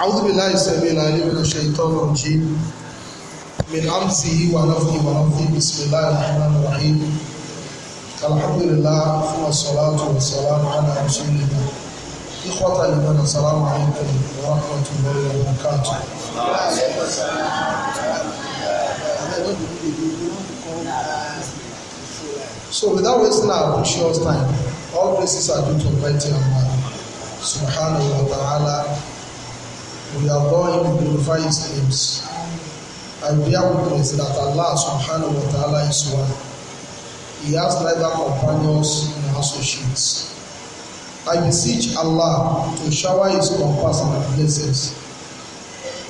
أعوذ بالله السميع العليم من الشيطان الرجيم من أمسه ونفخه ونفخه بسم الله الرحمن الرحيم الحمد لله ثم الصلاة والسلام على رسول الله إخوة الإيمان السلام عليكم ورحمة الله وبركاته So without wasting our precious time, all places are due to Almighty Allah, Subhanahu wa Ta'ala, We are going to glorify His names. I bear witness that Allah subhanahu wa ta'ala is one. He has neither companions nor associates. I beseech Allah to shower His compassion and blessings.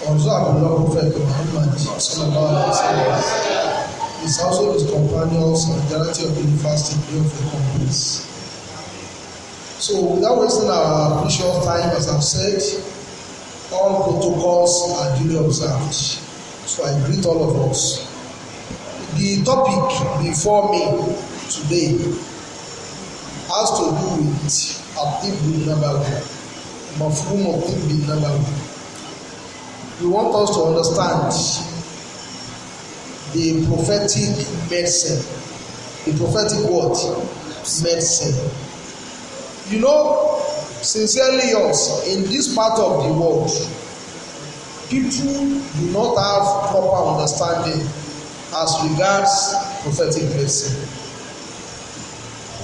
Also, our beloved Prophet Muhammad sallallahu alaihi wasallam is also his companions and majority of the university of the companies. So, without wasting our precious time, as I've said, all protocols are duly observed. So I greet all of us. The topic before me today has to do with Atibun Nabawi, Mafum Atibun Nabawi. We want us to understand the prophetic medicine, the prophetic word, medicine. You know, sincerely yours in this part of the world people do not have proper understanding as regards prophetic medicine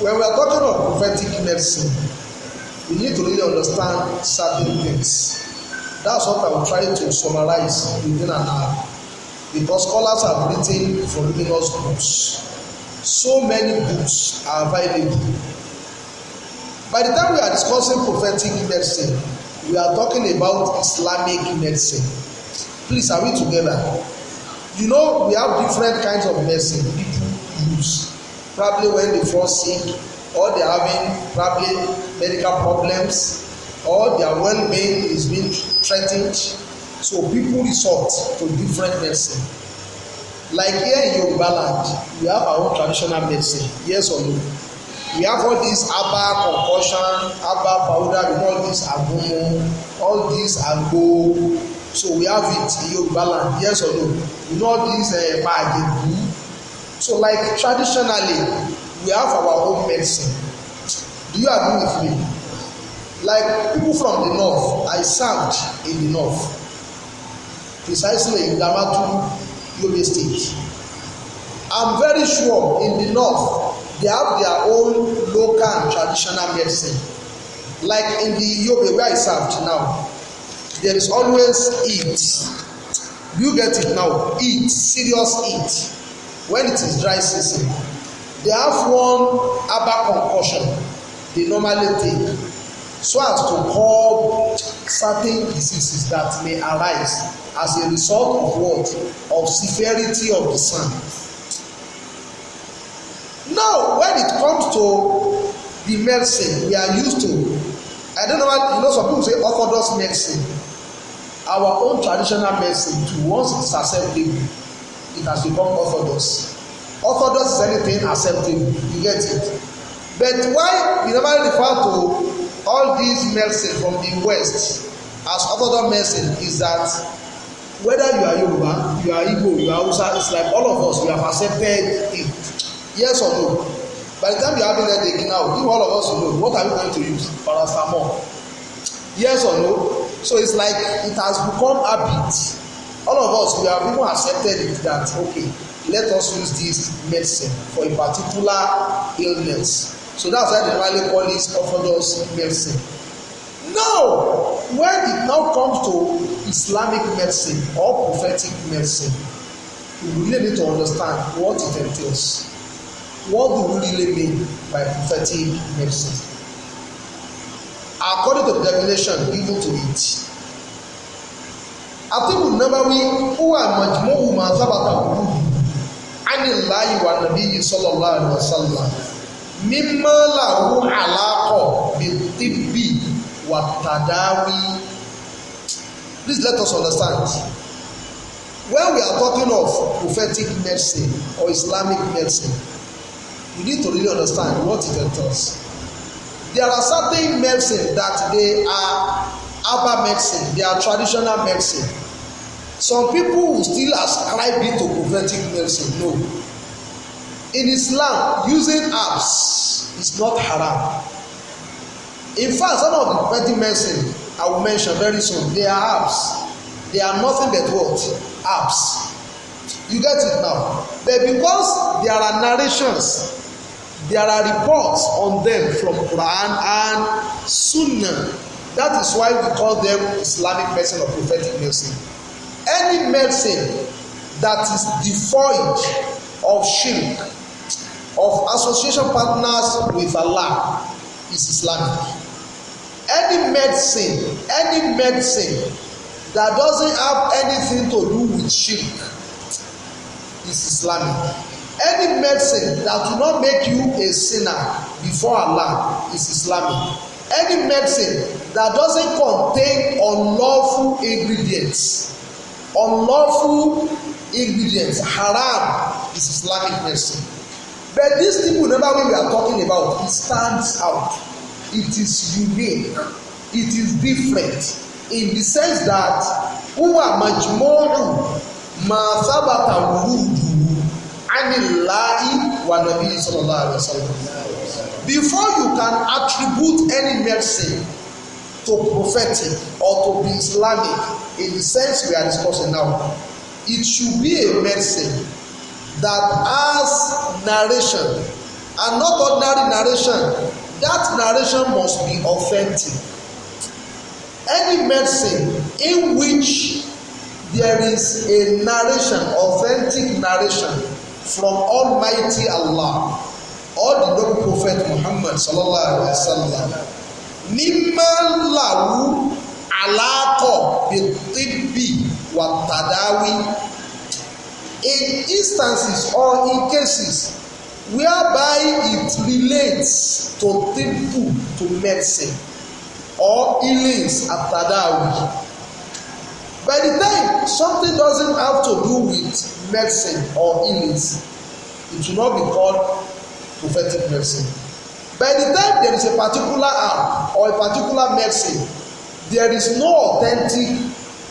when we are talking of prophetic medicine we need to really understand certain things that's what i'm trying to summarize within an hour because scholars have written for numerous books so many books are available By the time we are discussing prophetic medicine, we are talking about Islamic medicine. Please, are we together? You know, we have different kinds of medicine people use. Probably when they fall sick, or they are having probably medical problems, or their well being is being threatened. So people resort to different medicine. Like here in Yoruba land, we have our own traditional medicine, yes or no? We have all these herbal concussion, herbal powder, we have all these agbomo, all these agbo. So we have it in Yoruba land, yes or no? We know all these paagegu. Uh, so like traditionally, we have our own medicine. Do you agree with me? Like people from the north, I served in the north, precisely in Damaturu, Yobe State. I'm very sure in the north They have their own local and traditional medicine. Like in the Yobe where I served now, there is always heat. You get it now, heat, serious heat. When it is dry season, they have one herbal concussion they normally take so as to curb certain diseases that may arise as a result of what of severity of the sun Now, when it comes to the medicine we are used to, I don't know what you know, some people say orthodox medicine. Our own traditional medicine, to once it's accepted, it has become orthodox. Orthodox is anything accepted. you get it. But why we never refer to all these medicine from the West as orthodox medicine is that whether you are Yoruba, you are Igbo, you are Hausa, it's like all of us, we have accepted it yes or no by the time you there headache now give all of us know what are we going to use paracetamol yes or no so it's like it has become habit all of us we have even accepted it that okay let us use this medicine for a particular illness so that's why the Bible call it orthodox medicine now when it now comes to Islamic medicine or prophetic medicine we really need to understand what it entails what do we really mean by prophetic medicine? According to the definition given to it, Atibu Nabawi huwa majmu'u ma thabata bihi anillahi wa nabiyyi sallallahu alaihi wasallam mimma lahu alaqo bi tibbi wa tadawi. Please let us understand when we are talking of prophetic medicine or islamic medicine you need to really understand what it entails. There are certain medicine that they are herbal medicine, they are traditional medicine. Some people will still ascribe it to prophetic medicine. No. In Islam, using herbs is not haram. In fact, some of the prophetic medicine I will mention very soon, they are herbs. They are nothing but what? Herbs. You get it now. But because there are narrations There are reports on them from Quran and Sunnah. That is why we call them Islamic medicine or prophetic medicine. Any medicine that is devoid of shirk, of association partners with Allah, is Islamic. Any medicine, any medicine that doesn't have anything to do with shirk is Islamic any medicine that do not make you a sinner before Allah is Islamic any medicine that doesn't contain unlawful ingredients unlawful ingredients haram is Islamic medicine but this thing, number we are talking about it stands out it is unique it is different in the sense that huwa majmuru ma sabata wurudu anilahi wa nabi sallallahu alaihi wasallam before you can attribute any mercy to prophetic or to be islamic in the sense we are discussing now it should be a mercy that has narration and not ordinary narration that narration must be authentic any mercy in which there is a narration authentic narration from Almighty Allah all the noble prophet Muhammad sallallahu alaihi wasallam nímàláwù aláàkọ̀ bìtìbì wa tadawi in instances or in cases whereby it relates to tibbu to medicine or healings at tadawi by the time something doesn't have to do with medicine or healings it will not be called prophetic medicine by the time there is a particular herb or a particular medicine there is no authentic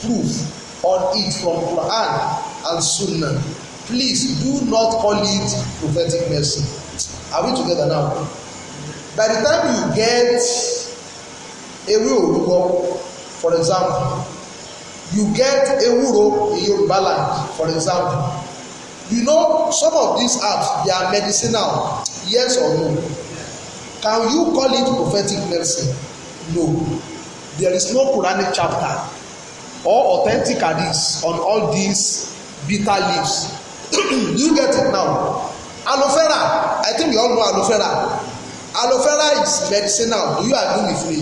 proof on it from quran and sunnah please do not call it prophetic medicine are we together now by the time you get ewe orugo for example you get ewuro in Yoruba land for example you know some of these herbs they are medicinal yes or no can you call it prophetic medicine no there is no Quranic chapter or authentic hadith on all these bitter leaves Do you get it now aloe vera I think you all know aloe vera aloe vera is medicinal do you agree with me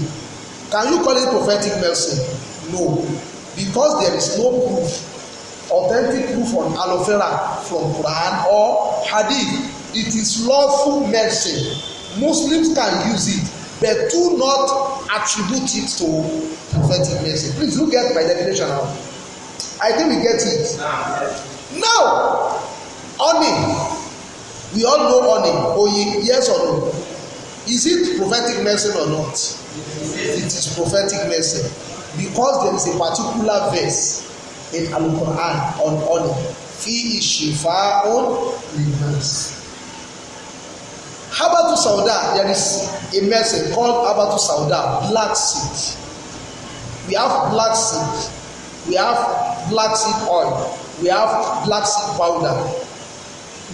can you call it prophetic medicine no because there is no proof authentic proof on aloe vera from Quran or Hadith it is lawful medicine Muslims can use it but do not attribute it to prophetic medicine please look at my definition now I think we get it now honey we all know honey oye yes or no is it prophetic medicine or not it is prophetic medicine because there is a particular verse in Al-Quran on honor fi ishifa'un linnas habatu sauda there is a medicine called habatu sauda black seed we have black seed we have black seed oil we have black seed powder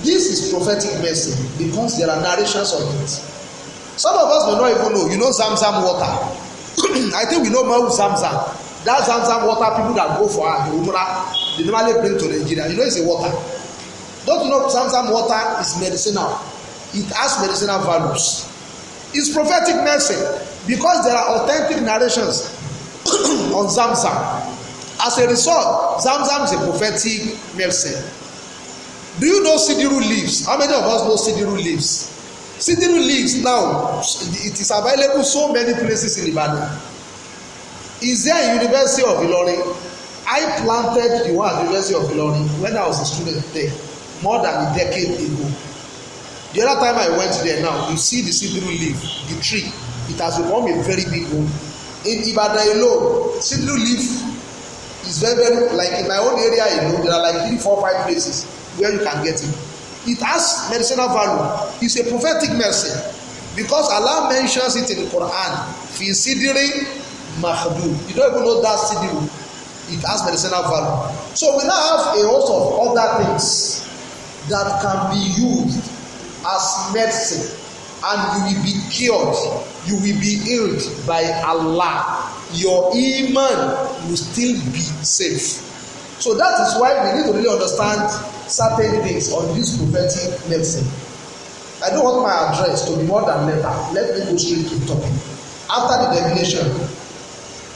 this is prophetic medicine because there are narrations of it some of us may not even know you know zamzam water I think we know Mahu Zamzam. That Zamzam water people that go for uh, the Umrah, they normally bring to Nigeria. You know it's a water. Don't you know Zamzam water is medicinal? It has medicinal values. It's prophetic medicine because there are authentic narrations on Zamzam. As a result, Zamzam is a prophetic medicine. Do you know Sidiru leaves? How many of us know Sidiru leaves? Sidiru leaves now it is available so many places in Ibadan is there a University of Ilorin I planted the one at the University of Ilorin when I was a student there more than a decade ago the other time I went there now you see the sidiru leaf the tree it has become a very big one in Ibadan alone sidiru leaf is very very like in my own area alone there are like three four five places where you can get it It has medicinal value. It's a prophetic medicine because Allah mentions it in the Quran. Fi sidiri mahdud. You don't even know that sidiri. It has medicinal value. So we now have a host of other things that can be used as medicine and you will be cured you will be healed by Allah your iman will still be safe So that is why we need to really understand certain things on this prophetic medicine. I don't want my address to be more than letter. Let me go straight to the topic. After the definition,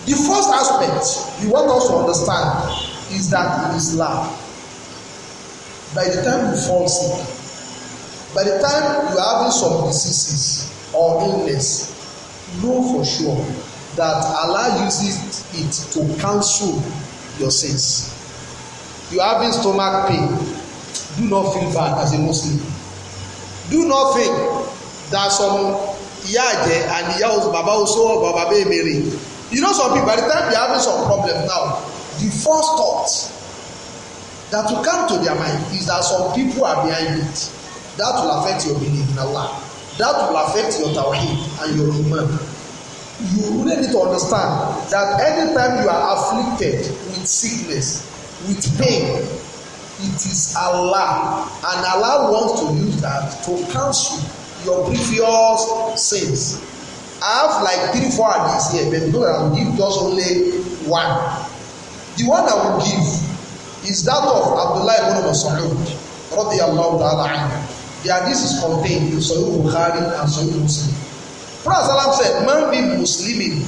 the first aspect we want us to understand is that in Islam, by the time you fall sick, by the time you are having some diseases or illness, know for sure that Allah uses it to cancel your sins you are having stomach pain do not feel bad as a muslim do not think that some yaje and yaos baba oso or baba emere you know some people by the time you are having some problem now the first thought that will come to their mind is that some people are behind it that will affect your belief in allah that will affect your tawhid and your iman you really need to understand that anytime you are afflicted with sickness with pain it is Allah and Allah wants to use that to cancel your previous sins I have like three four hadiths here but no I will give just only one the one I will give is that of Abdullah ibn Mas'ud radiyallahu ta'ala anhu the hadith is contained in Sahih Bukhari and Sahih Muslim Prophet said man be muslimin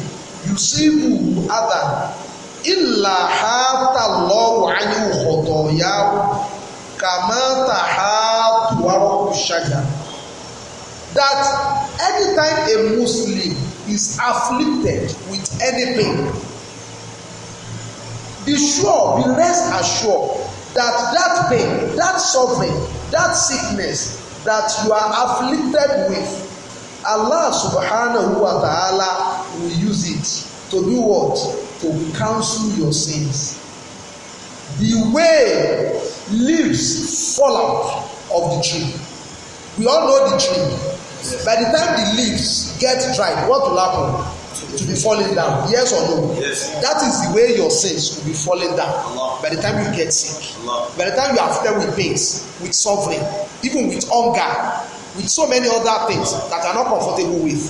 who other ìlà hátà lọ́wọ́ ayé òkòtò yáwó kàmáta hátù wárọ́kù ṣájà. That anytime a Muslim is afflicted with anything, be sure, be rest assured that that pain, that suffering, that sickness that you are afflicted with, Allah subhanahu wa ta'ala will use it to do what? to counsel your sins. The way leaves fall out of the tree. We all know the tree. Yes. By the time the leaves get dried, what will happen? To be falling down, yes or no? Yes. That is the way your sins will be falling down. Allah. By the time you get sick, Allah. by the time you are filled with pains, with suffering, even with hunger, with so many other things Allah. that are not comfortable with.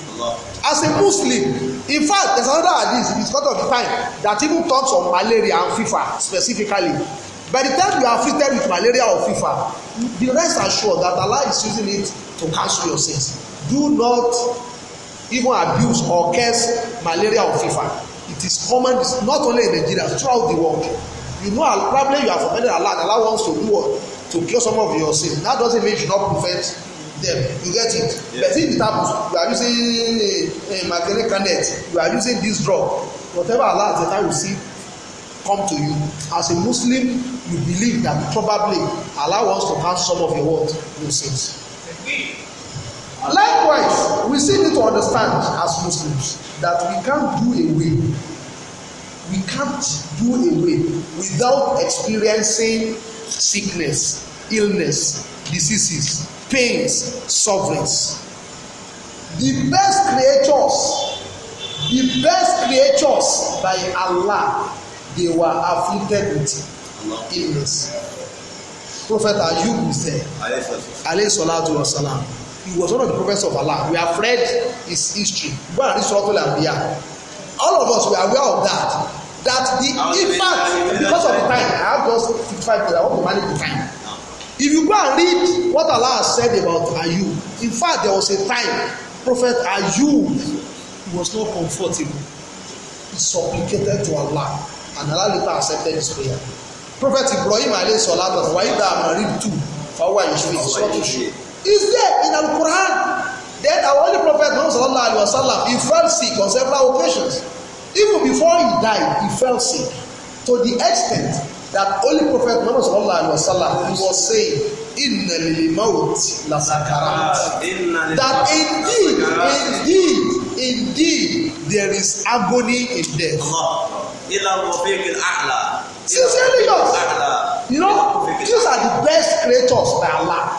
As a Muslim, In fact, there's another hadith, it's cut of time, that even talks of malaria and fever specifically. By the time you are afflicted with malaria or fever, be rest assured that Allah is using it to cancel your sins. Do not even abuse or curse malaria or fever. It is common, not only in Nigeria, throughout the world. You know, probably you have offended Allah, Allah wants to do what? To cure some of your sins. That doesn't mean you should not prevent them. You get it? Yeah. But if it happens, you are using a, a magnetic net. you are using this drug, whatever Allah that I will see come to you. As a Muslim, you believe that probably allow us to have some of your what? Your sins. Likewise, we still need to understand as Muslims that we can't do away. We can't do away without experiencing sickness, illness, diseases, pains sufferings the best creatures the best creatures by Allah they were afflicted with illness prophet ayub was there alayhi salatu wa salam he was one of the prophets of Allah we have read his history go and read suratul anbiya all of us we are aware of that that the impact because of the time i have just fifty-five minutes i want to manage the time If you go and read what Allah said about Ayub, in fact, there was a time Prophet Ayub was not comfortable. He supplicated to Allah, and Allah later accepted his prayer. Prophet Ibrahim alayhi salatu wa ida married too. Fawa Yeshua is what is there in the Quran. Then our only Prophet Muhammad sallallahu alaihi wasallam he fell sick on several occasions. Even before he died, he fell sick to the extent that only Prophet Muhammad sallallahu alaihi wasallam was saying, "Inna lil maut la sakarat." That indeed, indeed, indeed, there is agony in death. Sincerely, God, you know, these are the best creators by Allah.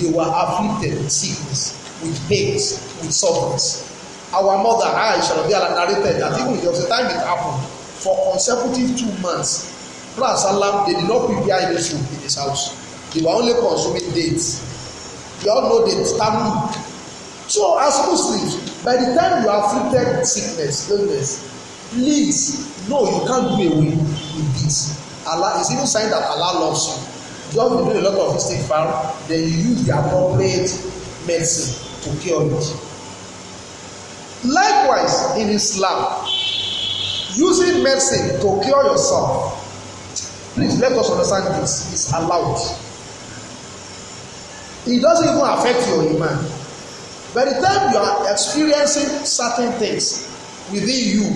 They were afflicted with sickness, with pains, with sufferings. Our mother Aisha narrated that even the time it happened, for consecutive two months, Prophet Salam, they did not prepare any soup in his house. They were only consuming dates. We all know dates, tamu. So as Muslims, by the time you are afflicted sickness, illness, please, no, you can't do away with this. Allah is even saying that Allah loves you. Just be doing a lot of istighfar, then you use the appropriate medicine to cure it. Likewise, in Islam, using medicine to cure yourself Please let us understand this. It's allowed. It doesn't even affect your iman. By the time you are experiencing certain things within you,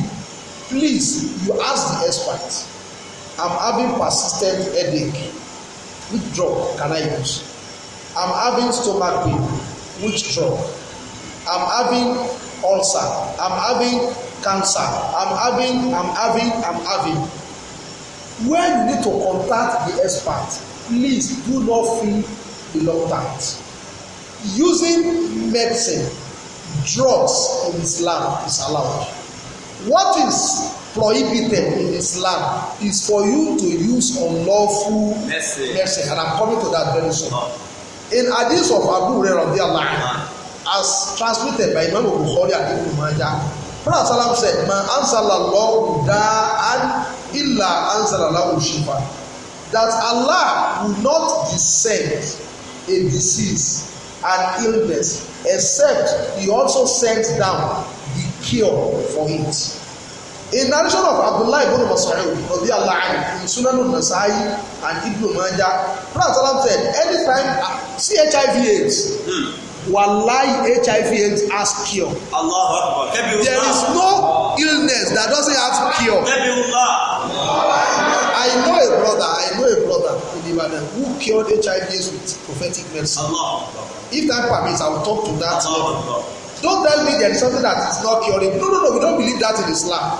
please you ask the expert. I'm having persistent headache. Which drug can I use? I'm having stomach pain. Which drug? I'm having ulcer. I'm having cancer. I'm having. I'm having. I'm having when you need to contact the expert please do not feel reluctant using medicine drugs in Islam is allowed what is prohibited in Islam is for you to use unlawful medicine and I'm coming to that very soon no. Uh-huh. in hadith of Abu Hurairah no. as transmitted by Imam Bukhari and Ibn Majah Prophet said man ansalallahu da'an illa ansalallahu shifa that Allah will not descend a disease and illness except he also sent down the cure for it. In narration of Abdullah ibn Mas'ud Rabi Allah in Sunan nasai and Ibn Majah, Prophet Allah said, anytime, ah, see HIV AIDS, hmm. wallahi HIV AIDS has cure. Allah. There is no illness that doesn't have cure. I know a brother, I know a brother in Ibadan who cured HIV with prophetic medicine. Allah. If that permits, I will talk to that. Allah. Don't tell me there is something that is not curable. No, no, no, we don't believe that in Islam.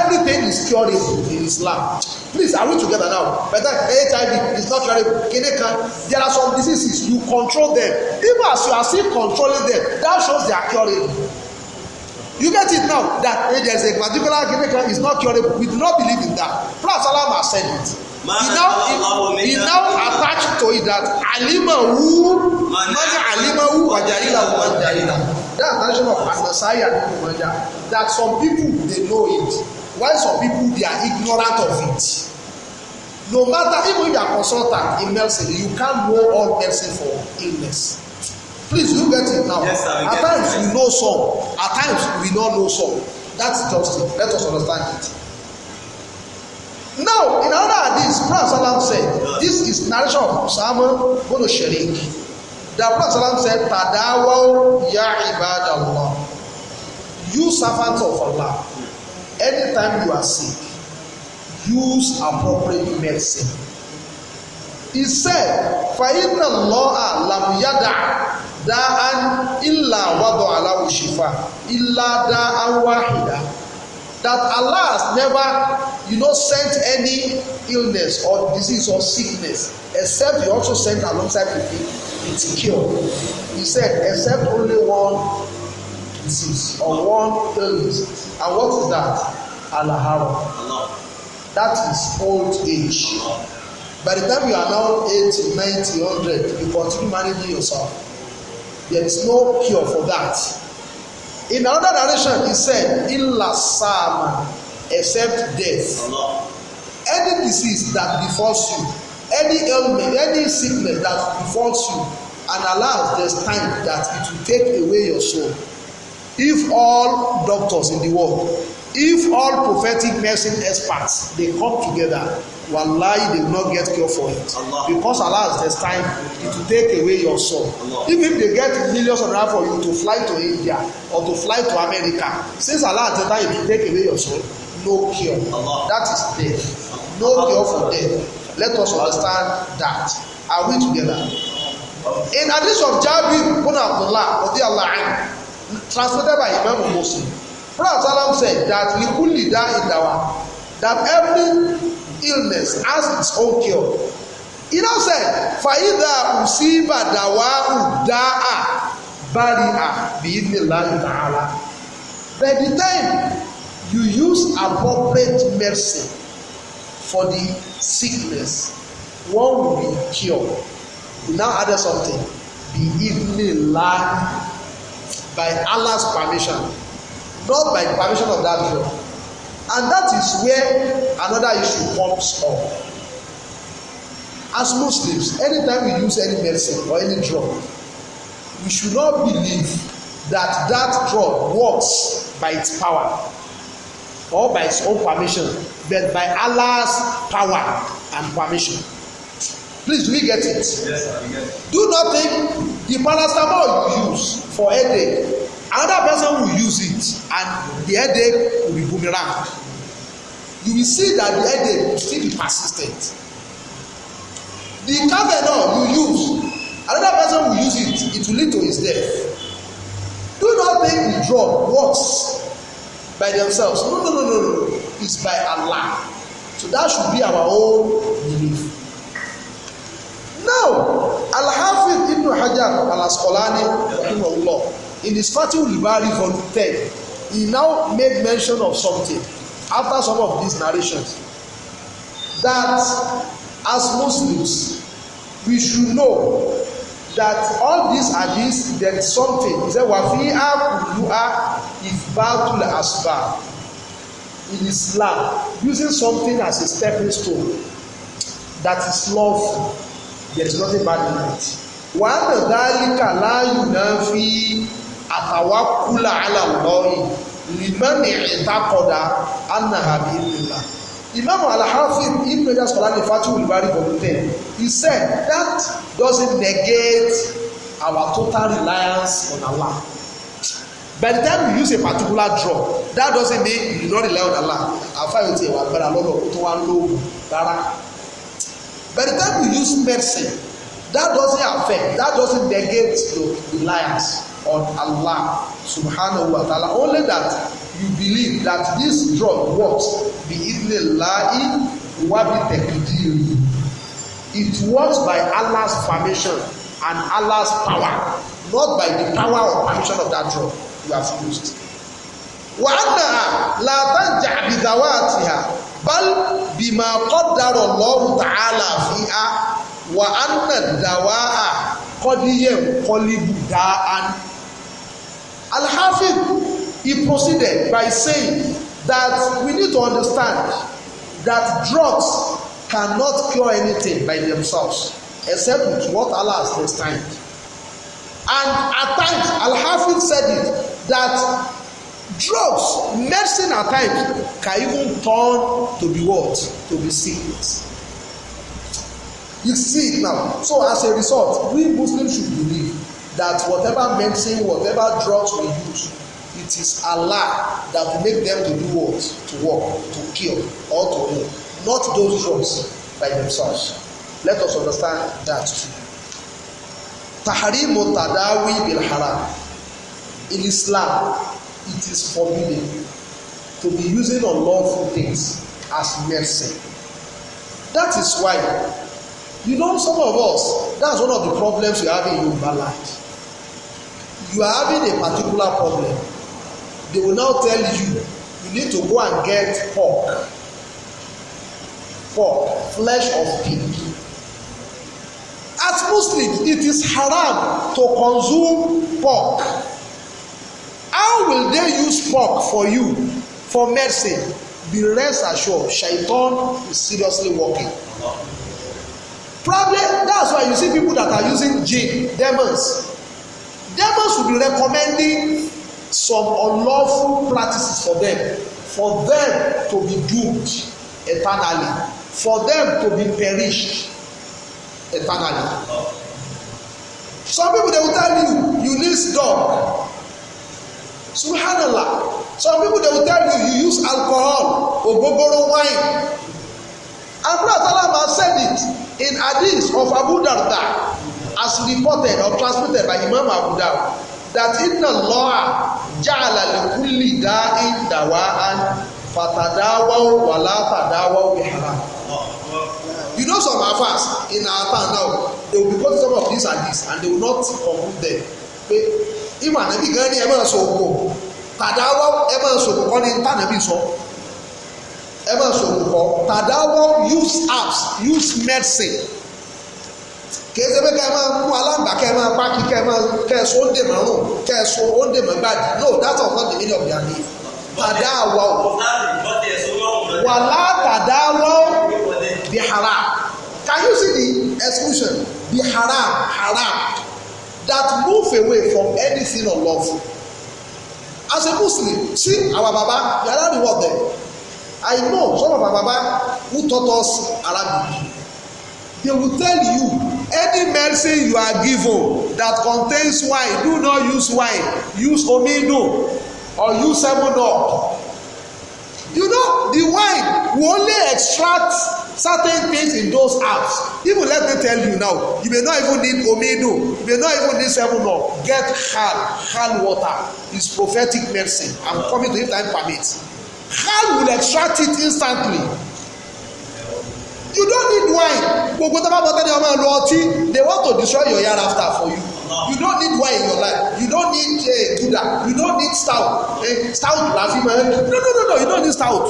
Everything is curable in Islam. Please, are we together now? But that HIV is not curable. Kineka, there are some diseases, you control them. Even as you are still controlling them, that shows they are curable you get it now that hey, eh, there is a particular clinic is not curable we do not believe in that prophet salam has said it he now he, now attached to it that alimahu mana alimahu wajahila wajahila that version of anasai and ibumaja that some people dey know it while some people they are ignorant of it no matter even if you are consultant in medicine you can't know all medicine for illness Please, you get it now. Yes, sir, at times we know some. At times we don't know some. That's just it. Let us understand it. Now, in another hadith, Prophet Salam said, this is narration of Usama bin Sharik. The Prophet Salam said, Tadawaw ya ibadallah. You servants of Allah, anytime you are sick, use appropriate medicine. He said, فَإِنَّ Allah lam yada." dáán ìlà wàdọ̀ aláwọ̀ ṣèfà ìlà dáán wàhìdá that Allah has never you know sent any illness or disease or sickness except he also sent alongside with it cure he said except only one disease or one illness and what is that alahara that is old age by the time you are now eighty ninety hundred you continue managing yourself There is no cure for that. In another narration, he said, Illa sama, except death. Any disease that befalls you, any ailment, any sickness that befalls you, and allows there's time that it will take away your soul. If all doctors in the world if all prophetic medicine experts they come together wallahi they will not get cure for it Allah. because allah has destined time to take away your soul Allah. even if they get millions of naira for you to fly to india or to fly to america since allah has destined it to take away your soul no cure Allah. that is death no Allah. cure for death let us understand that are we together in addition jabir bin abdullah radiyallahu anhu transmitted by imam muslim Prophet Salam said that likuli da idawa that every illness has its own cure. He now said faida usiba dawa udaa baria biidnillahi ta'ala. By the time you use appropriate medicine for the sickness, one will be cured. He now added something biidnillahi by Allah's permission not by the permission of that drug and that is where another issue comes up as muslims anytime we use any medicine or any drug we should not believe that that drug works by its power or by its own permission but by allah's power and permission please do we get it yes sir we get it do not think the paracetamol you use for headache another person will use it and the headache will be boomerang you will see that the headache will still be persistent the cafenol you use another person will use it it will lead to his death do not make the drug works by themselves no no no no no it's by Allah so that should be our own belief now Al-Hafiz Ibn Hajjah Al-Asqalani rahimahullah in his Fatihul Bari volume ten he now made mention of something after some of these narrations that as Muslims we should know that all these hadiths there is something he said wafiha kulluha ifbatul asbab in Islam using something as a stepping stone that is love there is nothing bad in it wàhánà dálíkà láàyò náà fi àtàwákúlà aláwọ̀lọ́yìn lìmọ́nì ìtakọ̀dá anahabi ìlera Imam Al-Hafiz Ibn Rajab Skolani Fatul Bari volume ten he said that doesn't negate our total reliance on Allah by the time you use a particular drug that doesn't mean you no rely on Allah afayo ti ẹwà agbára lọ́dọ̀ tó wá lóògùn rárá by the time you use medicine that doesn't affect that doesn't negate your reliance on Allah subhanahu wa ta'ala only that you believe that this drug works bi idnillahi wa bi taqdiri it works by Allah's permission and Allah's power not by the power or permission of that drug you have used Wa وأنها لا تنجع بذواتها بل بما قدر الله تعالى فيها وأن الدواء قد ينقلب داءً Al-Hafid, he proceeded by saying that we need to understand that drugs cannot cure anything by themselves except with what Allah has destined. And at times, Al-Hafid said it that drugs, medicine at times can even turn to be what? To be sickness. You see it now. So as a result, we Muslims should believe that whatever medicine, whatever drugs we use, it is Allah that will make them to do what? To work, to kill, or to heal. Not those drugs by themselves. Let us understand that too. Tahrimu tadawi bil haram. In Islam, it is forbidden to be using unlawful things as medicine. That is why, you know, some of us, That is one of the problems we have in Yoruba life you are having a particular problem they will now tell you you need to go and get pork pork flesh of pig as muslims it is haram to consume pork how will they use pork for you for medicine be rest assured shaitan is seriously working problem that's why you see people that are using jinn demons Germans will be recommending some unlawful practices for them for them to be doomed eternally for them to be perished eternally. Some people they will tell you you use dog. Subhanallah. Some people they will tell you you use alcohol ogogoro wine. Abu has said it in hadith of Abu Darda as reported or transmitted by Imam Abu Dawud that inna Allah ja'ala li kulli da'in dawa'an fatadawaw wa la tadawaw bi haram. You know some of in our town now they will be quoting some of these and this and they will not conclude them. Pé ìmọ̀ ànábì gan ni ẹ máa sọ òkú tàdáwọ́ ẹ máa sọ òkú kọ́ ni tànábì sọ ẹ máa sọ òkú kọ́ tàdáwọ́ use apps use medicine kìí ṣe pé kẹ́ ẹ máa kú aláǹgbá kẹ́ ẹ máa pákí kẹ́ ẹ máa kẹ́ ẹ so ó ń kẹ́ ẹ so ó ń dè no that's of not the meaning of their padà wà ó wà látàdá wà ó bí haram can you see the exclusion bí haram haram that move away from anything of love. as a muslim see our baba yàrá ni wọ́n dẹ̀ i know some of our baba who taught us arabic they will tell you any medicine you are given that contains wine do not use wine use ominu or use seven up you know the wine will only extract certain things in those herbs even let me tell you now you may not even need ominu you may not even need seven up get hal hal water is prophetic medicine i'm coming to if time permit hal will extract it instantly you don't need wine gbogbo tó bá bọ́ tẹ́lẹ̀ ọmọ ẹ̀lú ọtí they want to destroy your yard after for you you don't need wine in your life you don't need uh, gouda you don't need stout eh, stout la fi máa no no no no you don't need stout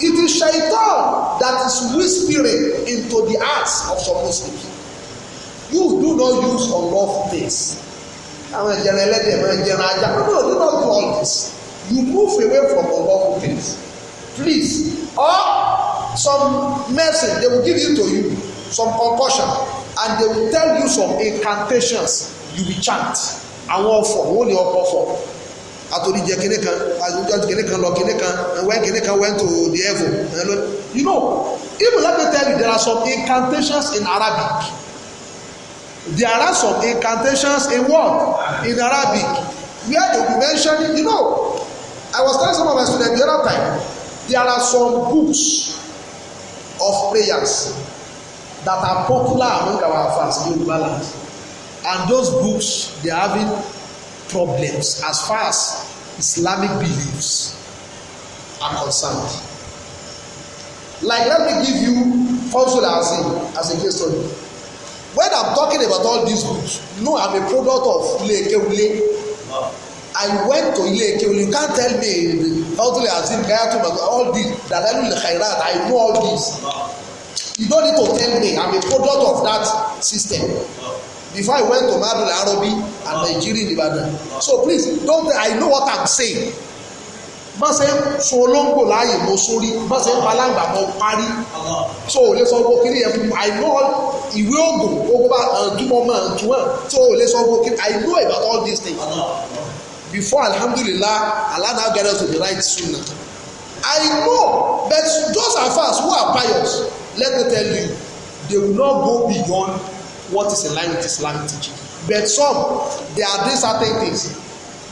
it is shaitan that is whispering into the hearts of some muslims you do not use unlawful things àwọn ẹ̀jẹ̀ rẹ̀ ẹlẹ́dẹ̀ máa ń jẹun ajá no no do not do all this you move away from unlawful things fleas or some medicine they will give you to you some concussion and they will tell you some incantations you be chant àwọn ọ̀fọ̀ wọ́n lè ọkọ̀ fọ̀ àtòrí jẹ kínní kan àtòrí kínní kan lọ kínní kan when kínní kan went to the heaven you know even let me tell you there are some incantations in Arabic there are some incantations in what in Arabic where they be mentioning you know I was telling some of my students the other time There are some books of prayers that are popular among our fans in Yoruba land. And those books, they are having problems as far as Islamic beliefs are concerned. Like, let me give you Fawzul Azim as a case study. When I'm talking about all these books, you know I'm a product of Leke Wule. I went to Ileke you can't tell me how to Ọtúlẹ̀ Azim to Magu all this Dalalu Khairat I know all this you don't need to tell me I'm a product of that system before I went to Madul Arabi and Nigeria Ibadan so please don't I know what I'm saying bá ṣe ń sun olóńgbò láàyè mo sórí bá ń pa mo parí so ò lè sọ gbogbo kiri yẹn fún mi i know ìwé oògùn gbogbo bá ǹdúmọ̀ eh, mọ̀ ǹdúmọ̀ so ò lè sọ gbogbo kiri i know about all these things before alhamdulillah allah now get us to the right sunnah i know but those of us who are pious let me tell you they will not go beyond what is in line with islamic teaching but some they are doing certain things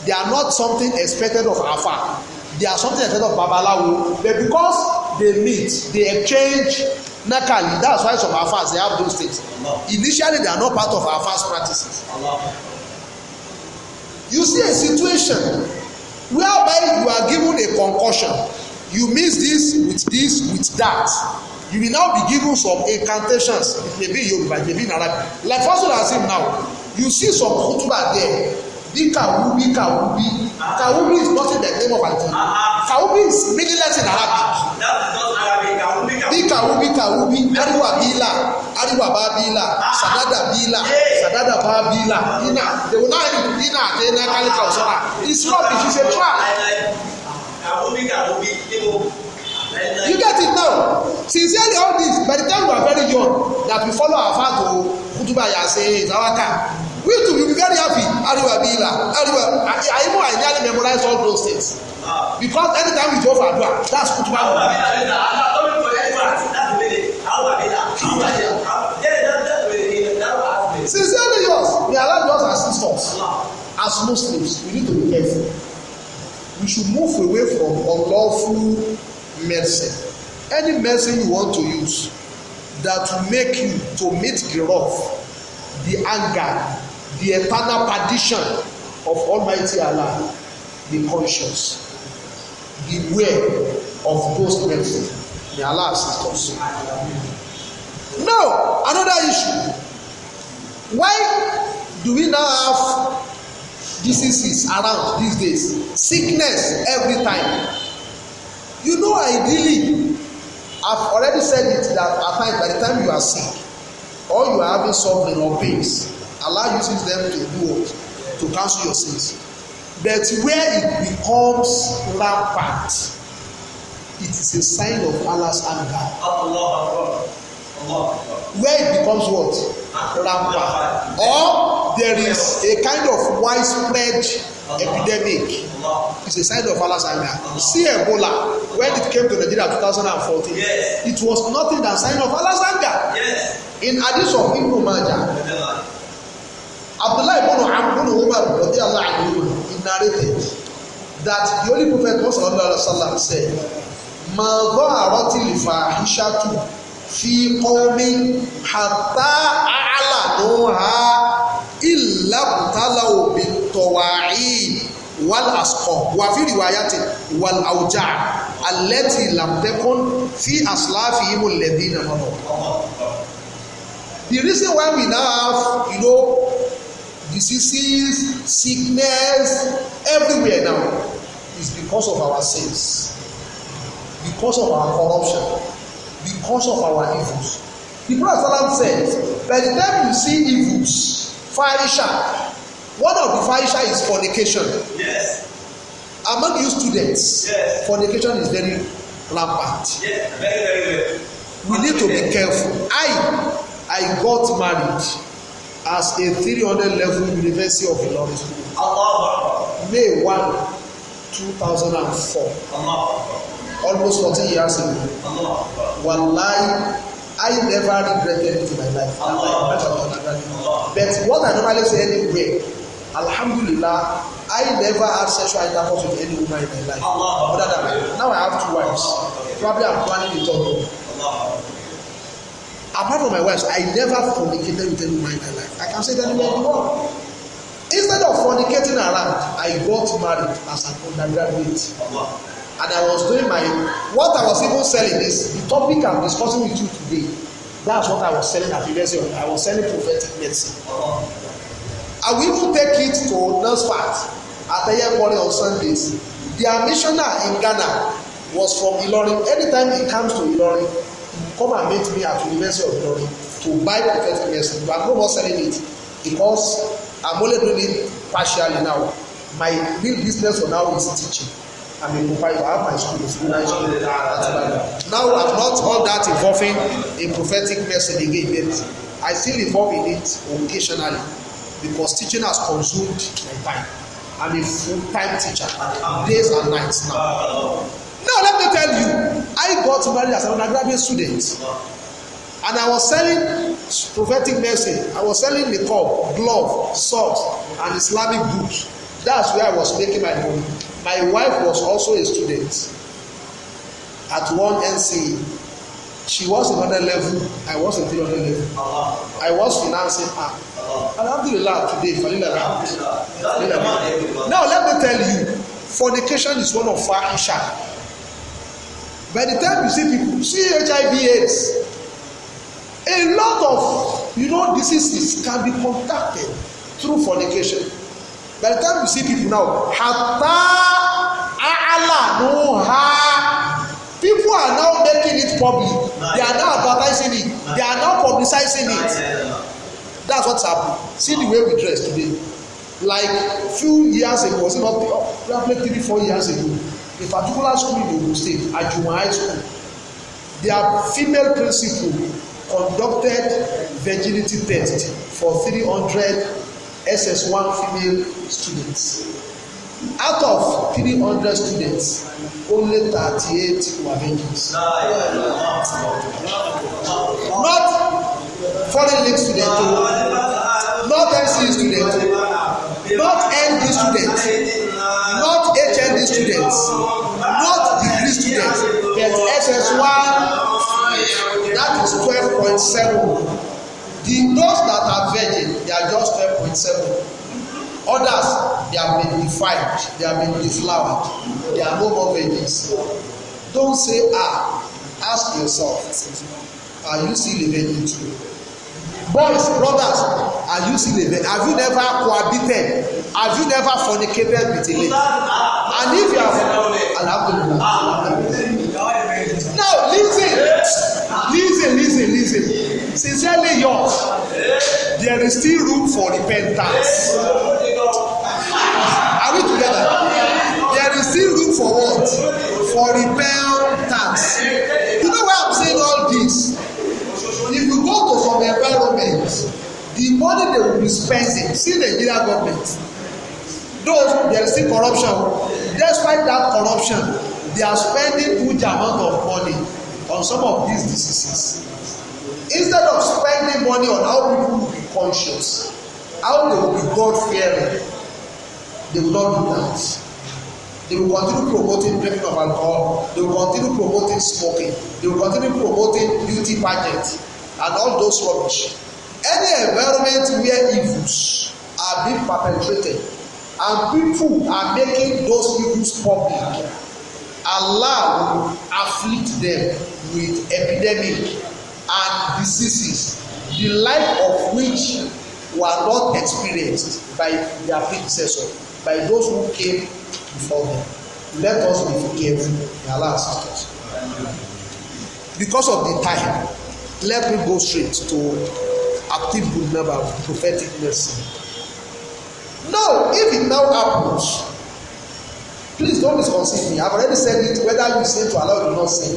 they are not something expected of afa they are something expected of babalawo but because they meet they exchange nakali that's why some afas they have those things initially they are not part of afas practices. Allah. You see a situation whereby you are given a concussion. You mix this with this with that. You will now be given some incantations. It may be Yoruba, it may be in Arabic. Like Fasola Azim now, you see some kutuba there Be Kawubi, Kawubi. Kawubi is not in the name of Anthony. Uh-huh. Kawubi is meaningless in Arabic. That is not Arabic. Kawubi, Kawubi. Be Kawubi, Kawubi. Ariwa Bila, Ariwa Ba Bila, Sadada Bila, Sadada Ba Bila. Ina, they will not end Ina Atena Kali Kausara. It's rubbish, it's a trap. Kawubi, Kawubi. You get it now. Sincerely, all this, by the time we are very young, that we follow our father, Kutuba Yase, Zawaka we too will be very happy ariwa biila ariwa ayimu i nearly memorize all those things because anytime we go for adua that's kutuba one. sincerely yours we allow yours as sisters as muslims we need to be careful we should move away from unlawful medicine any medicine you want to use that will make you to meet the wrath the anger the eternal perdition of Almighty Allah be conscious beware of those people may Allah assist us now another issue why do we now have diseases around these days sickness every time you know ideally I've already said it that at times by the time you are sick or you are having suffering or pains Allah uses them to do what? To cancel your sins. But where it becomes rampant, it is a sign of Allah's anger. Allah, Allah. Where it becomes what? Rampant. Or there is a kind of widespread epidemic. It's a sign of Allah's anger. See Ebola, when it came to Nigeria in 2014, yes. it was nothing than sign of Allah's anger. Yes. In addition, Ibn Majah, Abdullahi Bono Ambono Umar Radiallahu Anhu he narrated that the Holy Prophet Muhammad Sallallahu Alaihi Wasallam said màgọ́ àrọ́tìlì fà ìṣàtù fi omi hàtà illa ha ìlàbùtàlà òbí tọ̀wáì wàl àsùkọ̀ wàfíìrì wàyàtì wàl àwùjá àlẹ́tì làmùtẹ́kùn fi àsùláàfì yìí mú lẹ́bí nàmọ́nà. The reason why we now have you know, diseases sickness everywhere now is because of our sins because of our corruption because of our evils the prophet says, by the time you see evils fire farisha one of the fire farisha is fornication yes among you students yes. fornication is very rampant yes. very, very, very. we need to be careful i i got married as a 300 level University of Ilorin May 1 2004 almost 14 years ago wallahi I never regretted it in my life but what I normally say anyway, alhamdulillah I never have sexual intercourse with any woman in my life other than now I have two wives probably I'm planning to talk apart from my wife I never fornicated with anyone in my life I can say that anywhere in the world instead of fornicating around I got married as an undergraduate and I was doing my what I was even selling is the topic I'm discussing with you today that's what I was selling at university I was selling prophetic medicine I will even take it to NASFAT at Eyekwore on Sundays their missionary in Ghana was from Ilorin anytime he comes to Ilorin come and meet me at University of Glory to buy prophetic message but I'm no more selling it because I'm only doing it partially now my real business for now is teaching I'm a provider I have my school school high school at Ibadan now I'm not all that involving in prophetic message again yet I still involve in it occasionally because teaching has consumed my time I'm a full-time teacher days and nights now now let me tell you I got married as an undergraduate student and I was selling prophetic message I was selling the niqab glove socks and Islamic boots. that's where I was making my money my wife was also a student at one NCE she was in another level I was in another level I was financing her and I'm alhamdulillah today falilala alhamdulillah now let me tell you fornication is one of our fahisha by the time you see people see hiv aids a lot of you know diseases can be contacted through fornication by the time you see people now hata aala no ha people are now making it public they are now advertising it they are now publicizing it that's what's happening see the way we dress today like few years ago was it not probably oh, three four years ago a particular school in Ogun State, Ajuma High School, their female principal conducted virginity test for 300 SS1 female students. Out of 300 students, only 38 were virgins. Not foreign league students, not MC students. degree students not degree students but SS1 that is twelve point seven the those that are virgin they are just twelve point seven others they have been defined they have been deflowered they are no more virgins don't say ah ask yourself are you still a in truth boys brothers are you still a virgin have you never cohabited have you never fornicated with a lady and if you have alhamdulilah now listen listen listen listen sincerely yours there is still room for repentance are we together there is still room for what for repentance you know why i'm saying all this if you go to some environment the money they will be spending see nigeria government though there is still corruption despite that corruption they are spending huge amount of money on some of these diseases instead of spending money on how people will be conscious how they will be god fearing they will not do that they will continue promoting drinking of alcohol they will continue promoting smoking they will continue promoting beauty pageant and all those rubbish any environment where evils are being perpetrated and people are making those evils public allah will afflict them with epidemic and diseases the like of which were not experienced by their predecessor by those who came before them let us be careful in our assist us because of the time let me go straight to Active atibul naba prophetic mercy now if it now happens please don't misconceive me I've already said it whether you say to allah or not say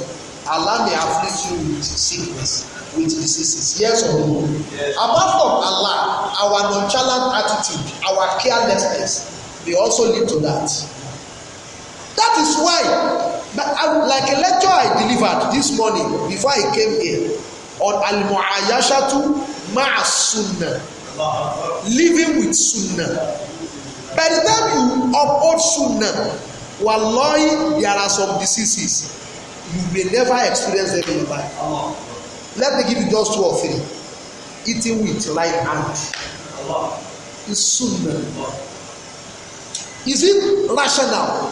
allah may afflict you with sickness with diseases yes or no yes. apart from allah our nonchalant attitude our carelessness may also lead to that that is why like a lecture i delivered this morning before i came here on al-mu'ayyashatu ma'a sunnah living with sunnah by the time you uphold sunnah wallahi there are some diseases you may never experience them in your life let me give you just two or three eating with right hand is sunnah is it rational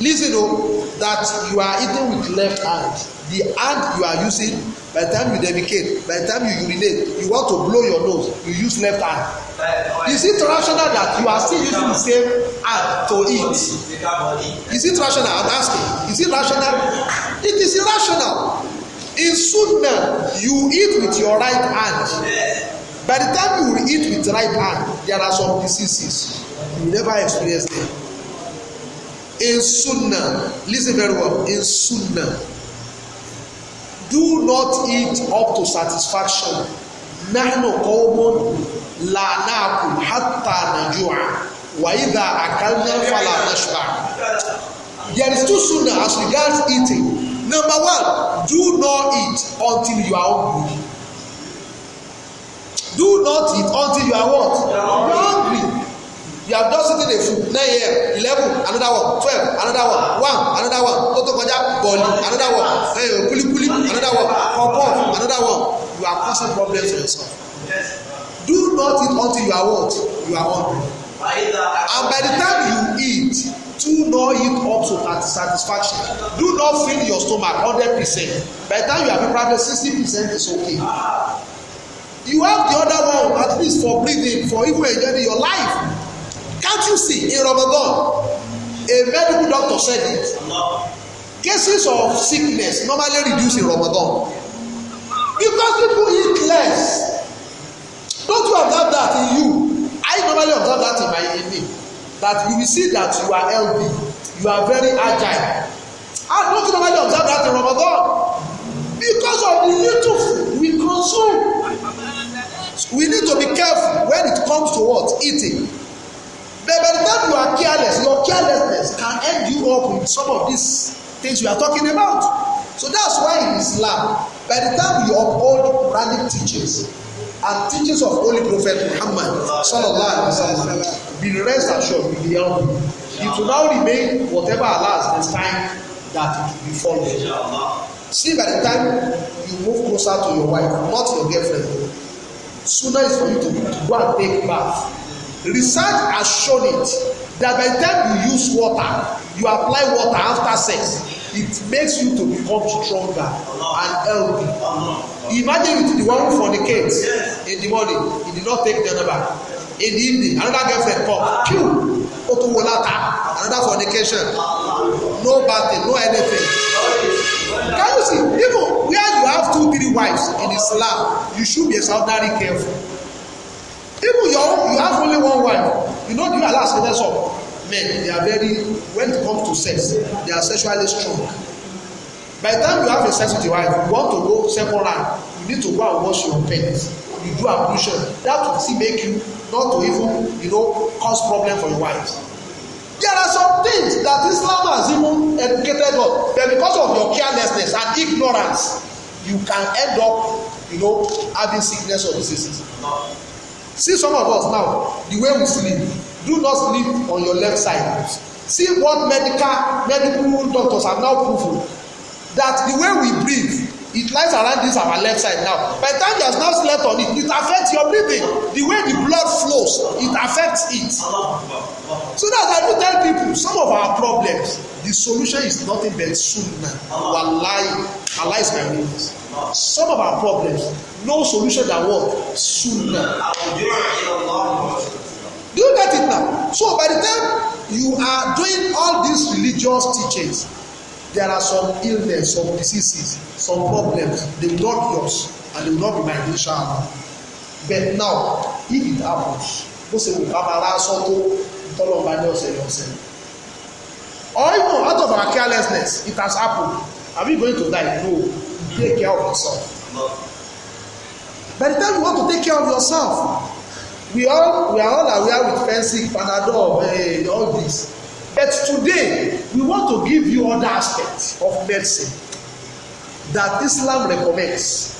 listen o oh, that you are eating with left hand the hand you are using by the time you defecate by the time you urinate you want to blow your nose you use left hand is it rational that you are still using the same hand to eat is it rational i'm asking is it rational it is irrational in sunnah you eat with your right hand by the time you eat with right hand there are some diseases you never experience them in sunnah listen very well in sunnah do not eat up to satisfaction nahnu qawmun la naakul hatta najua wa idha akalna fala nashba there is two sunnah as regards eating number one do not eat until you are hungry do not eat until you are what you have done something a fool nine am eleven another one twelve another one one another one tó tó kọjá bọ̀ọ̀lì another one eh, kulikuli another one pọ̀pọ̀ another one you are causing problems for yourself do nothing until you are what you are hungry and by the time you eat do not eat up to satisfaction do not fill your stomach hundred percent by the time you have been practice, sixty percent is okay you have the other one at least for breathing for even enjoying your life Can't you see in Ramadan, a medical doctor said it. Cases of sickness normally reduce in Ramadan because people eat less. Don't you observe that in you? I normally observe that in my in me. That you see that you are healthy, you are very agile. I ah, don't normally observe that in Ramadan because of the little food we consume. We need to be careful when it comes to what eating But by the time you are careless, your carelessness can end you up with some of these things we are talking about. So that's why in Islam, by the time you uphold Quranic teachings and teachings of Holy Prophet Muhammad, sallallahu alaihi wasallam, be rest assured, be helped. It will now remain whatever allows has time that it will be followed. See, by the time you move closer to your wife, not your girlfriend, sooner is for you to, to go and take bath Research has shown it that by the time you use water, you apply water after sex, it makes you to become stronger and healthy. Imagine with the one who fornicates in the morning, he did not take the other back. In the evening, another girlfriend come, pew, otuwolata, another fornication. No bathing, no anything. Can you see? Even where you have two, three wives in Islam, you should be extraordinarily careful. Even your own, you have only one wife. You know, you allow status of men. They are very, when it comes to sex, they are sexually strong. By the time you have a sex with your wife, you want to go second round, you need to go and wash your pants. You do ablution. That will still make you not to even, you know, cause problem for your wife. There are some things that Islam has even educated on. but because of your carelessness and ignorance, you can end up, you know, having sickness or diseases. No. See some of us now, the way we sleep, do not sleep on your left side. See what medical medical doctors have now proven that the way we breathe It lies around this our left side now. By the time you have now slept on it, it affects your breathing. The way the blood flows, it affects it. So that's why I do tell people some of our problems, the solution is nothing but sunnah. Wallahi, Allah is my witness. Some of our problems, no solution that works. Sunnah. Do you get it now? So by the time you are doing all these religious teachings, there are some illness some diseases some problems they will not be yours and they will not be my inshallah but now if it happens bó ṣe wò ká máa lásán tó tọ́lọ́mọba ní ọ̀sẹ̀ ní ọ̀sẹ̀ or even out of our carelessness it has happened are we going to die no take care of yourself by the time you want to take care of yourself we all we are all aware with fencing panadol eh, all this But today, we want to give you other aspects of medicine that Islam recommends.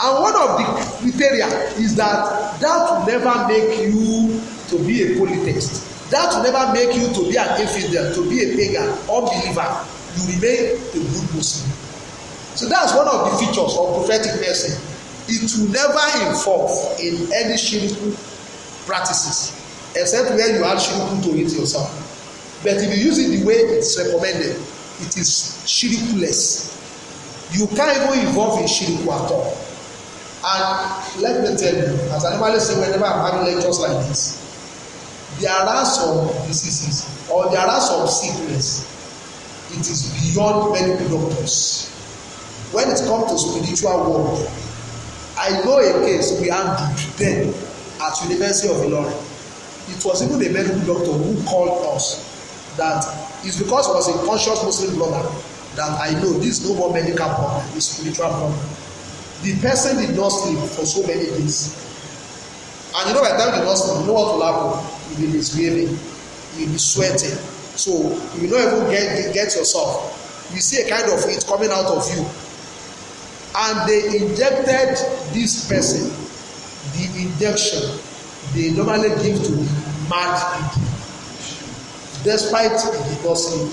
And one of the criteria is that that will never make you to be a polytheist. That will never make you to be an infidel, to be a pagan, unbeliever. You remain a good Muslim. So that's one of the features of prophetic medicine. It will never involve in any shirku practices, except where you add shirku to it yourself. But if you use it the way it's recommended, it is shirikuless. You can't even involve in shiriku at all. And let me tell you, as I normally say whenever I'm having lectures like this, there are some diseases or there are some sickness. It is beyond medical doctors. When it comes to spiritual world, I know a case we handled then at University of Ilorin. It was even a medical doctor who called us that it's because I was a conscious Muslim brother that I know this no more medical problem, it's spiritual problem. The person did not sleep for so many days. And you know, by the time he did not sleep, you know what will happen? He will be misbehaving, he will be sweating. So you will even get, get yourself. You see a kind of it coming out of you. And they injected this person the injection they normally give to mad people despite the divorcing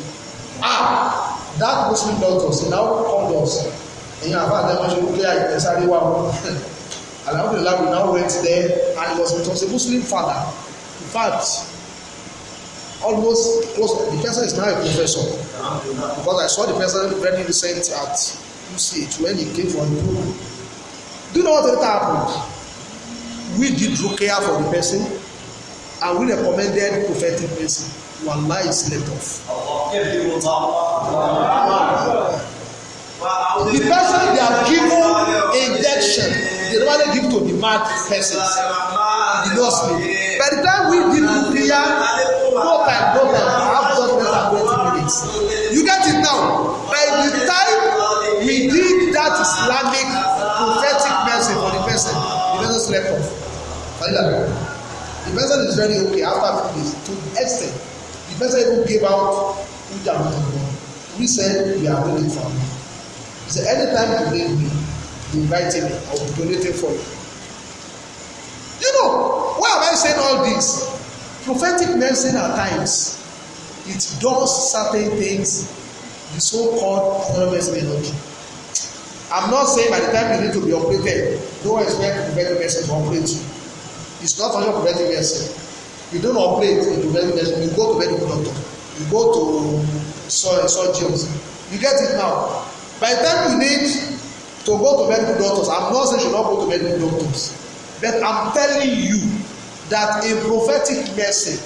ah that muslim doctor say na how come us ẹ̀yin àbá àtẹ̀mọ́sẹ̀ ló clear ìtẹ̀sáré wa o alhamdulilah we now went there and it was with us a muslim father in fact almost close the person is now a professor because i saw the person very recent at uch when he came for a do you know what later happened we did rukia for the person and we recommended prophetic medicine wàláì slept off. The person they are given injection, they normally give to the mad persons. The no sleep. By the time we did the prayer, no time, no time, I have just less than 20 minutes. You get it now? By the time we did that Islamic prophetic message for the person, the person slept off. The person is very okay after a days to extent. The person who gave out into our God. We said we are waiting for him. He said, anytime you need me, you invite me, I will donate for you. You know, why am I saying all this? Prophetic medicine at times, it does certain things the so-called autonomous energy. not do. I'm not saying by the time you need to be operated, no expect preventive medicine to operate you. It's not for your preventive medicine You don't operate into very medicine. You go to medical doctor. You go to surgeons. You get it now. By the time you need to go to medical doctors, I'm not saying you should not go to medical doctors, but I'm telling you that in prophetic medicine,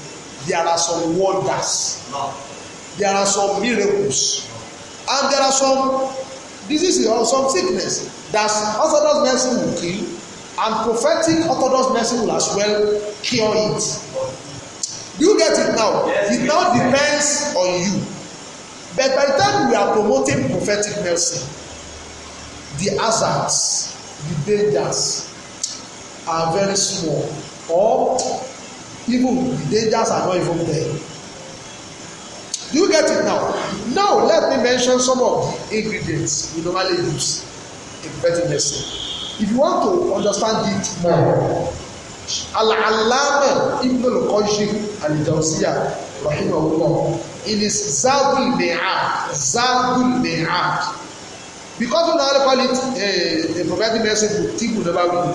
there are some wonders. There are some miracles. And there are some diseases or some sickness that orthodox medicine will kill and prophetic orthodox medicine will as well cure it. Do you get it now? it now depends on you. But by the time we are promoting prophetic medicine, the hazards, the dangers are very small, or even the dangers are not even there. Do you get it now? Now, let me mention some of the ingredients we normally use in prophetic medicine. If you want to understand it more, Al-Allama Ibn al-Qayyim al-Jawziyya rahimahullah it, his Zadul Mi'ad, Zadul Mi'ad. Because we now call it a, eh, a prophetic message book, Tibu Nabawi.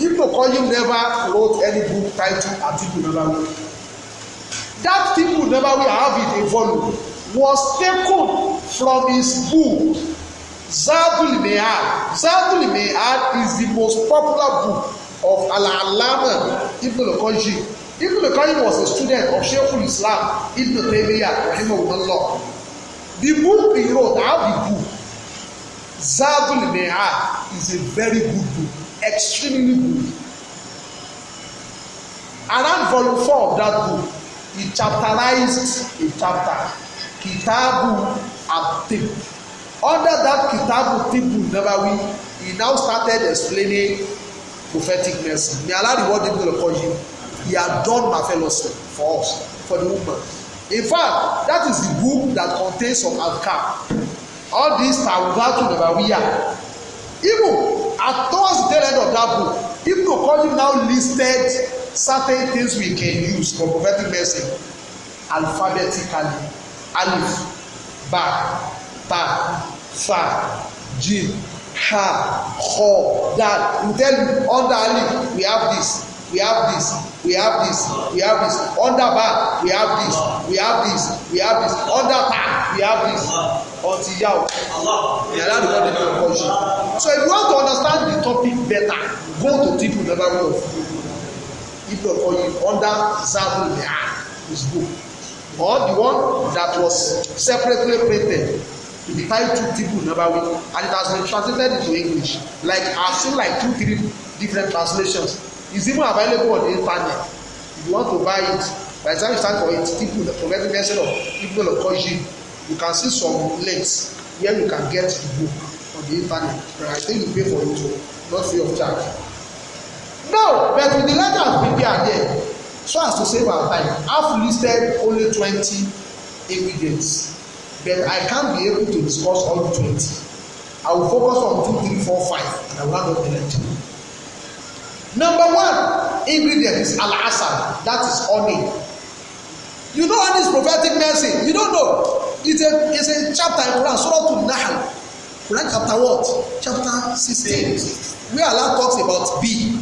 Ibn al-Qayyim never wrote any book titled Atibu Nabawi. That Tibu Nabawi, I have it in volume, was taken from his book Zadul Mi'ad. Zadul Mi'ad is the most popular book of Al-Allama Ibn al-Qayyim. Ibn al-Qayyim was a student of Sheikhul Islam Ibn Taymiyyah rahimahullah. The book he wrote, how the book, Zadul Mi'ad is a very good book, extremely good. Around volume four of that book, he chapterized a chapter, Kitabu Abdul under that kitabu never nabawi he now started explaining prophetic mercy may allah reward him for the you he had done marvelous for us for the woman in fact that is the book that contains some alka all this these tawubatu nabawiya even at towards the end of that book ibn okoye now listed certain things we can use for prophetic mercy alphabetically alif ba ta sa jim ha ho dal we tell you under alif we have this we have this we have this we have this under ba we have this we have this we have this under ta we have this until yahoo the other one dey you so if you want to understand the topic better go to deep in another way of even for you under zabu ya is book or the one that was separately printed the title people, number one and it has been translated into english like i see, like two three different translations it's even available on the internet if you want to buy it by the time you start for it people from every person of people of country you can see some links where you can get the book on the internet but i think you pay for it o not free of charge now but with the letter prepared there so as to save our time i have listed only twenty ingredients But I can't be able to discuss all twenty. I will focus on two, three, four, five, and I will not open it. Number one ingredient is al-asal. That is honey. You know honey is prophetic medicine. You don't know. It's a, it's a chapter in Quran, Surah to Nahal. Quran chapter what? Chapter 16. Where Allah talks about bee.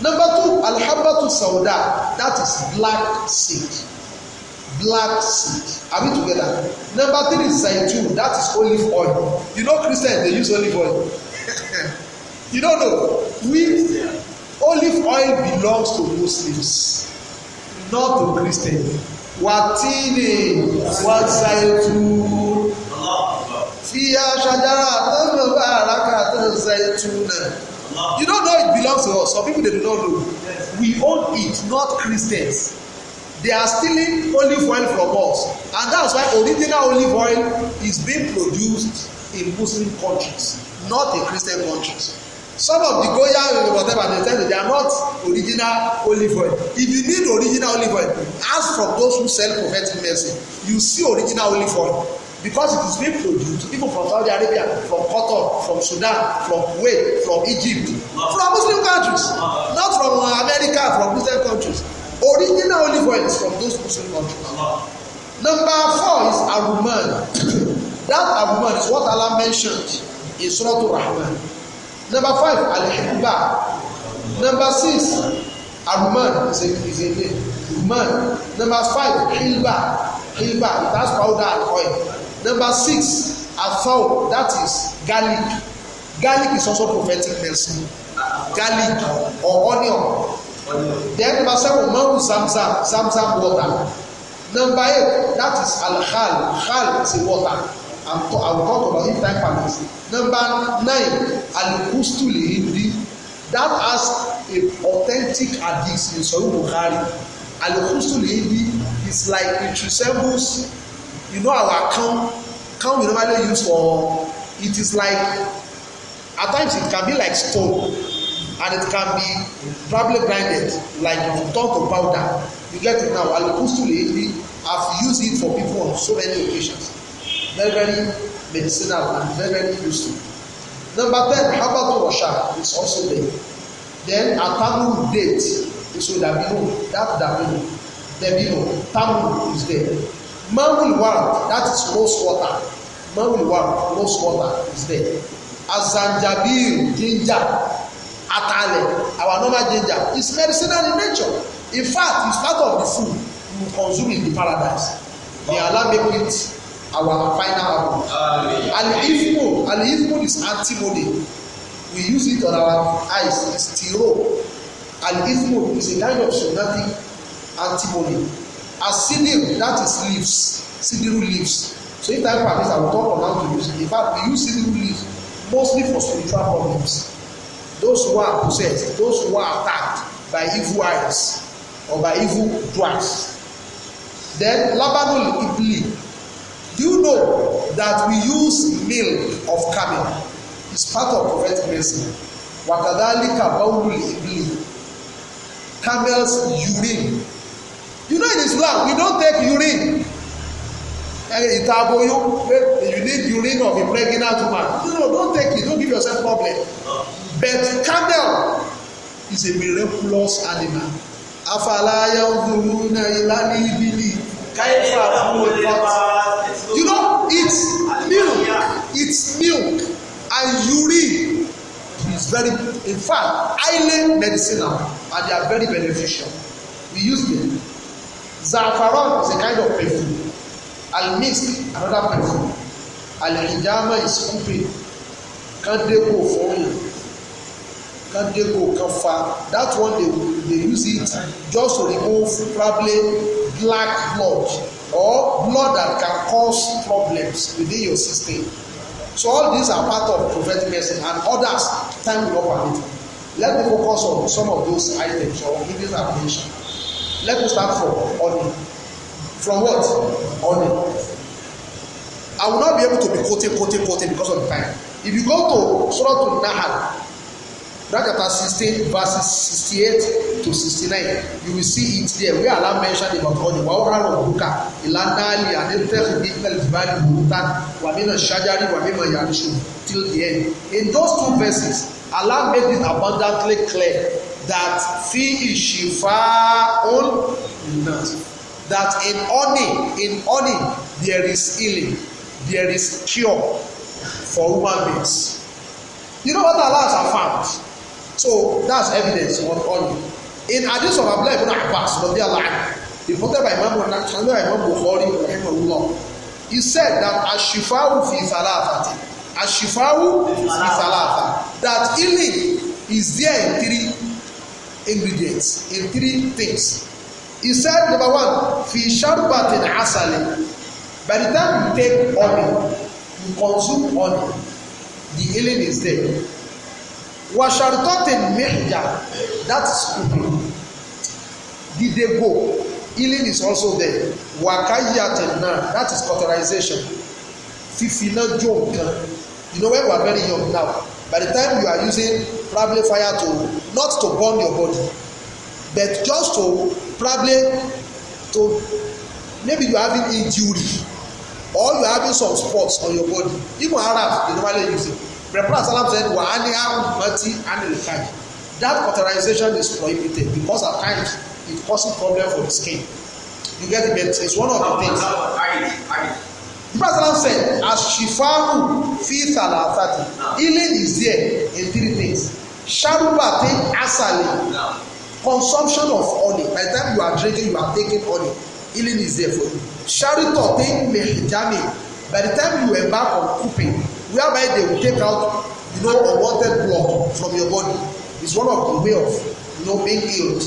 Number two, al-habatu sauda. That is black seed black seed are we together number three is zaitun that is olive oil you know christians dey use olive oil you don't know we olive oil belongs to muslims not to christians watini zaitun? fi aṣajara atanu baraka atanu zaitun you don't know it belongs to us some people dey don't know we own it not christians They are stealing olive oil from us. And that's why original olive oil is being produced in Muslim countries, not in Christian countries. Some of the Goya whatever they tell you, they are not original olive oil. If you need original olive oil, ask from those who sell prophetic medicine. You see original olive oil because it is being produced people from Saudi Arabia from Qatar from Sudan from Kuwait from Egypt from Muslim countries not from America from Christian countries Original olive oil is from those Muslim countries. Number four is Aruman. that Aruman is what Allah mentioned in Surah Al-Rahman. Number five, Al-Hibba. Number six, Aruman is a, is a name. Aruman. Number five, Hilba. Hilba, That's has powder and oil. Number six, Athau, that is garlic. Garlic is also prophetic medicine. Garlic or onion Then number seven, "Mango Zamzam, Zamzam water. Number eight, that is Al Khal. Khal is a water. I'm to, I'll talk about it time permits. Number nine, Al Kustul Hindi. That has a authentic hadith in Sahih Bukhari. Al Kustul Hindi is like it resembles, you know, our account. Account we normally use for it is like at times it can be like stone and it can be probably grinded like you turn to powder you get it now alikustu lehi have used it for people on so many occasions very very medicinal and very very useful number ten habatu rasha is also there then atamu date so dabino that dabino dabino tamu is there mamul warab that is rose water mamul warab rose water is there azanjabir ginger ataalẹ̀ our normal ginger is medicinal in nature in fact it's part of the food we consume in the paradise may Allah make it our final album alihifmo alihifmo is antimony we use it on our eyes it's tiro alihifmo is a kind of synthetic antimony acidic that is leaves sidiru leaves so if time permits i will talk on how to use it in fact we use sidiru leaves mostly for spiritual problems those who are possessed those who are attacked by evil eyes or by evil doers then labanul ibli do you know that we use milk of camel it's part of prophetic medicine wakadalika baulul ibli camel's urine you know in Islam we don't take urine Itaboyo, you need urine of a pregnant woman no no don't take it don't give yourself problem but camel is a miraculous animal afalaya nkuruna ilani ibili kaifa amuwekot you know it's milk it's milk and urine is very in fact highly medicinal and they are very beneficial we use them zafaron is a kind of perfume almisk another perfume alhijama is cupping kandepo for you can they go can far that one they they use it just to remove probably black blood or blood that can cause problems within your system so all these are part of prophetic medicine and others time will not permit let me focus on some of those items or give giving information. let me start from honey from what honey i will not be able to be quoting quoting quoting because of the time if you go to surah to nahal That chapter 16, verses 68 to 69. You will see it there where Allah mention about all the Wawara Ruka, Ilanali, and Ethel, Bikmel, Divani, Murutan, Wamina Shajari, Wamina Yarishu, till the end. In those two verses, Allah made it abundantly clear that fi shifa'un that in honey, in honey, there is healing, there is cure for human beings. You know what Allah has found? So that's evidence on all. In hadith of Abdullah ibn Abbas, reported by Imam Bukhari, Rahimahullah, he said that Ashifawu fi salafati. Ashifawu fi salafa. That healing is there in three ingredients, in three things. He said, number one, fi sharbatin asali. By the time you take honey, you consume honey, the healing is there. Washartotin mihja, that's stupid. Did they go? Healing is also there. Wakayatin now, that is cauterization. Fifina jo nkan. You know when we are very young now, by the time you are using probably fire to not to burn your body, but just to probably to maybe you are having injury or you are having some spots on your body. Even Arabs, they normally use it. The Prophet said, Wa ummati anil That cauterization is prohibited because at times it causes problem for the skin. You get it? It's one of the things. The Prophet said, As shifahu fi thalathati. Healing is there in three things. Sharubate asali. Consumption of honey. By the time you are drinking, you are taking honey. Healing is there for you. Sharitote mehijami. By the time you embark on cooking, whereby they will take out you know unwanted blood from your body is one of the way of you know being healed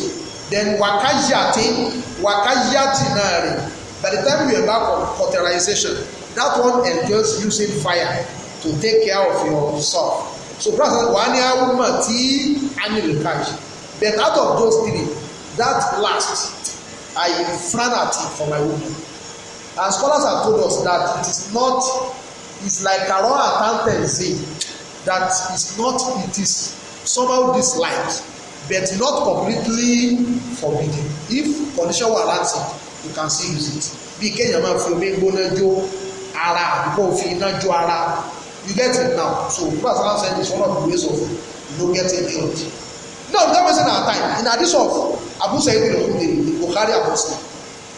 then wakayati wakayati nari by the time we back on cauterization that one entails using fire to take care of your yourself so brother wani woman ti anil kaj but out of those three that last i frown for my woman and scholars have told us that it is not It's like a raw accountant say that is not it is somehow disliked but not completely forbidden if condition were latin you can still use it bí kéèyàn máa fi omi gbóná jo ara àbíkó fi iná jo ara you get it now so nígbà tí wọn send it one of the ways of you no get it killed now we don waste our time in addition of abu sayyid al-khudri bukhari abu sayyid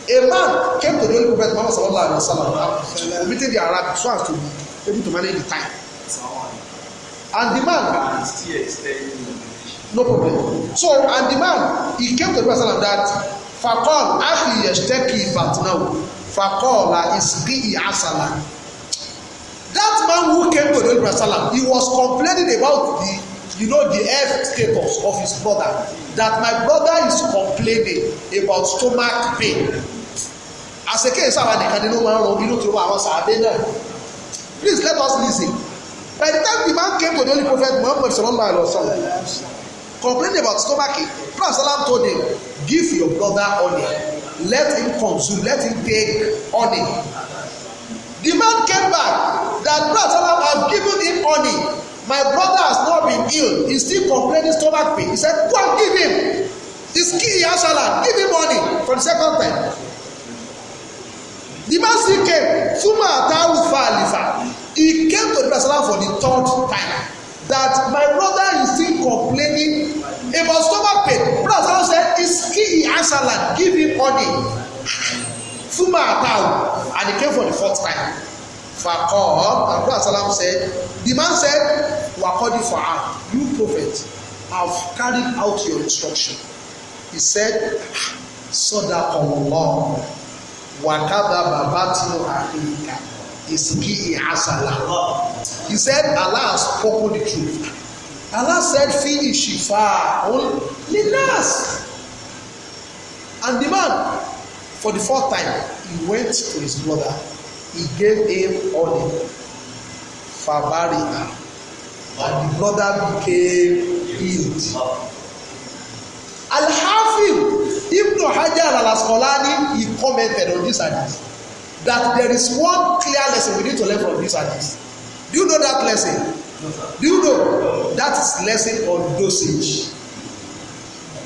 A man came to the Holy Prophet Muhammad sallallahu alaihi wasallam, committed uh, the Arab so as to be able to manage the time. And the man no problem. So and the man he came to the Prophet that fakol afi yeshteki batnau fakol isbi asala. That man who came to the Holy Prophet he was complaining about the you know the health status of his brother that my brother is complaining about stomach pain àṣekè sáwà nìkan nínú máa ń rọ inú ti rọ àwọn sàádé náà please let us listen by the time the man came to the holy prophet muhammad sallallahu alaihi wasallam complained about stomach stomachache prophet salam told him give your brother honey let him consume let him take honey the man came back that prophet salam have given him honey my brother has not been ill he still complaining stomach pain he said go give him his key yasala give him honey for the second time. The mercy came, Fuma Atahu Falifa. He came to the President for the third time. That my brother is still complaining about stomach pain. Brother said, Is he Asalan? Give him money.' Fuma Atahu. And he came for the fourth time. Fakor, and Brother said, The man said, Wakodi Fa'ah, you prophet, have carried out your instruction. He said, Sadaqallah wakada babati akika isiki hasala. He said Allah has spoken the truth. Allah said fi ishifa linas. And the man, for the fourth time, he went to his brother. He gave him honey. Fabaria. And the brother became healed. al Ibn Hajar al-Asqalani he commented on this hadith that there is one clear lesson we need to learn from this hadith do you know that lesson no, sir. do you know that is lesson on dosage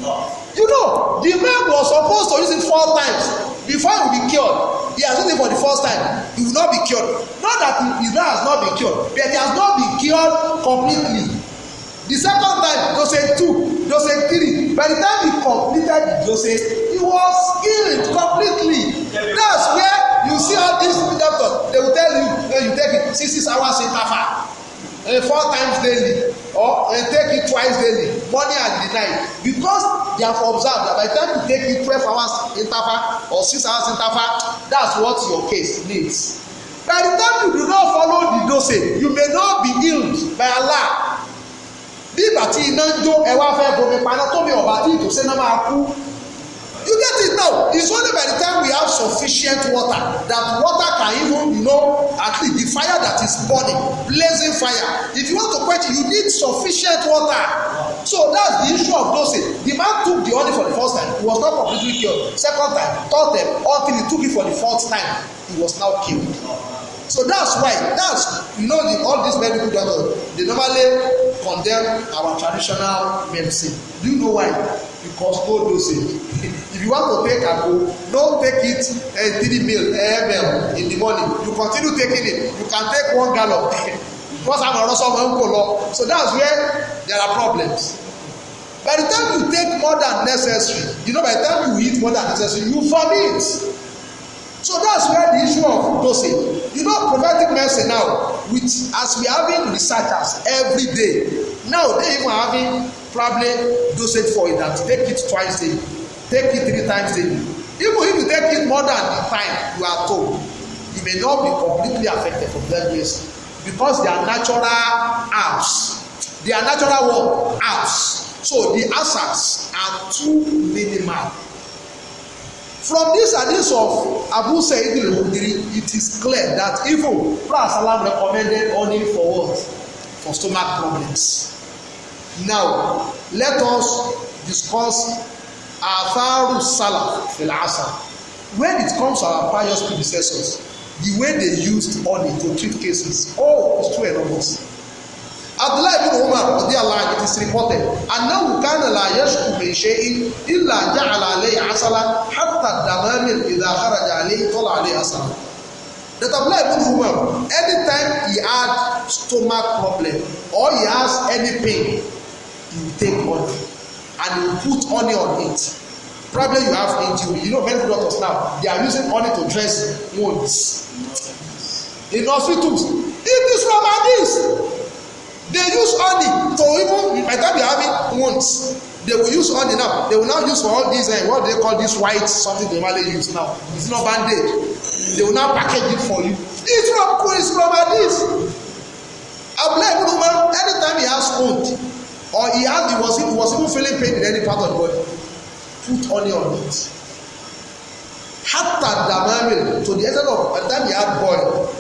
no. you know the man was supposed to use it four times before he be cured he has used it for the first time he will not be cured not that he, he has not been cured but he has not been cured completely the second time dose two dose three by the time he completed the dose he was healed completely that's where you see all these doctors they will tell you when you take it six six hours interval uh, four times daily or uh, take it twice daily morning and the night because they have observed that by the time you take it twelve hours interval or six hours interval that's what your case needs by the time you do not follow the dose you may not be healed by allah bí ìgbà tí iná ń jó ẹ wá fẹ́ bomi paná tómi ọ̀bà tí ìtòsí náà máa kú you get it now it's only by the time we have sufficient water that water can even you know at least the fire that is burning blazing fire if you want to quench it you need sufficient water so that's the issue of dosing the man took the honey for the first time he was not completely cured second time third time all until he took it for the fourth time he was now killed. So that's why, that's, you know, the, all these medical doctors, they normally condemn our traditional medicine. Do you know why? Because no dosage. if you want to take agbo, no take it uh, three mil eh, ml in the morning. You continue taking it. You can take one gallon. Because I'm also my uncle law. So that's where there are problems. By the time you take more than necessary, you know, by the time you eat more than necessary, you vomit. So that's where the issue of dosage. You know, prophetic medicine now, with as we having researchers every day, now they even having probably dosage for it that take it twice daily, take it three times daily. Even if you take it more than the time you are told, you may not be completely affected from that medicine because they are natural herbs. They are natural what? Herbs. So the hazards are too minimal From this hadith of Abu Sayyid al-Khudri, it is clear that even Prophet recommended honey for what? For stomach problems. Now, let us discuss Atharu Salaf fil Asr. When it comes to our pious predecessors, the way they used honey to treat cases, oh, it's too enormous abdullahi bin umar ọdí aláàjì ti siri pọ́tẹ̀ anáwó kánà láàyè ṣùkùnmí ṣe ilà ajá àlàalẹ́ àṣálá hátà dàmẹ́rin ìdá àkàràjà àlẹ́ ìtọ́lá àlẹ́ àṣálá that abdullahi bin umar anytime he had stomach problem or he has any pain he take honey and he put honey on it problem you have injury you know many doctors now they are using honey to dress wounds in hospitals it is from this They use honey for even by the time you have it they will use honey now. They will now use for all these uh, what they call this white something they normally use now. It's not bandage. They will now package it for you. It's from cool, it's from this. Abdullah ibn Umar, anytime he has wound or he has he was he was even feeling pain in any part of the body, put honey on it. Hatta damamil to the extent of by the time he had boil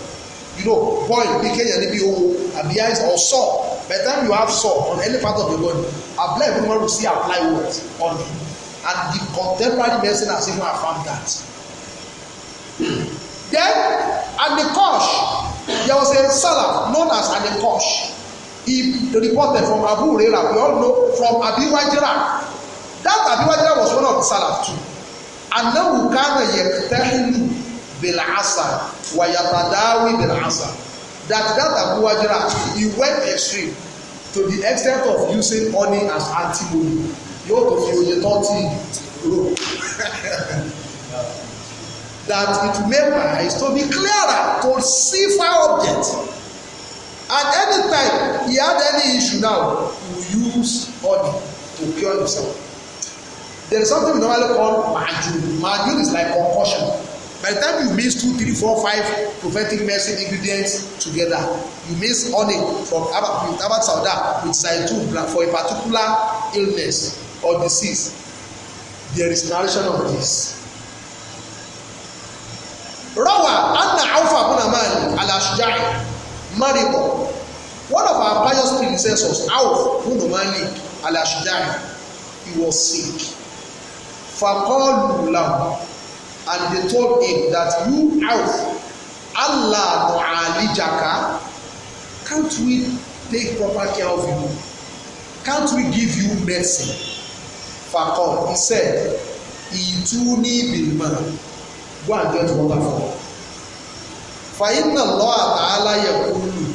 no boil bí kéèyàn níbi owó àbí àìsàn or saw by the time you have saw on any part of your body apply if you wan see apply what on it and the contemporary medicine has even affirmed that then at the kosh, there was a salaf known as kosh. he reported from abu huraira we all know from abi wajira that abi wajira was one of the salaf too and then anahu kana yektahilu bil'asa wayatadawi bil'asa that that Abu he went extreme to the extent of using honey as antimony yóò tó fi oye tọ́tì ro that it made my eyes to be clearer to see far object and time he had any issue now he use honey to cure himself there is something we normally call majun majun is like concussion By the time you mix two, three, four, five prophetic medicine ingredients together, you mix honey from Abat Sauda with zaitun for a particular illness or disease. There is narration of this. Rawa Anna Alpha Bunaman Al Ashjai Maribo. One of our pious predecessors, Auf Bunamalik Al he was sick. Fakolu lahu and they told him that you out Allah Ali Jaka, can't we take proper care of you can't we give you mercy fakol he said ituni bilman go and get water for me fàyínà lọ́ àtàlà yẹ kúlù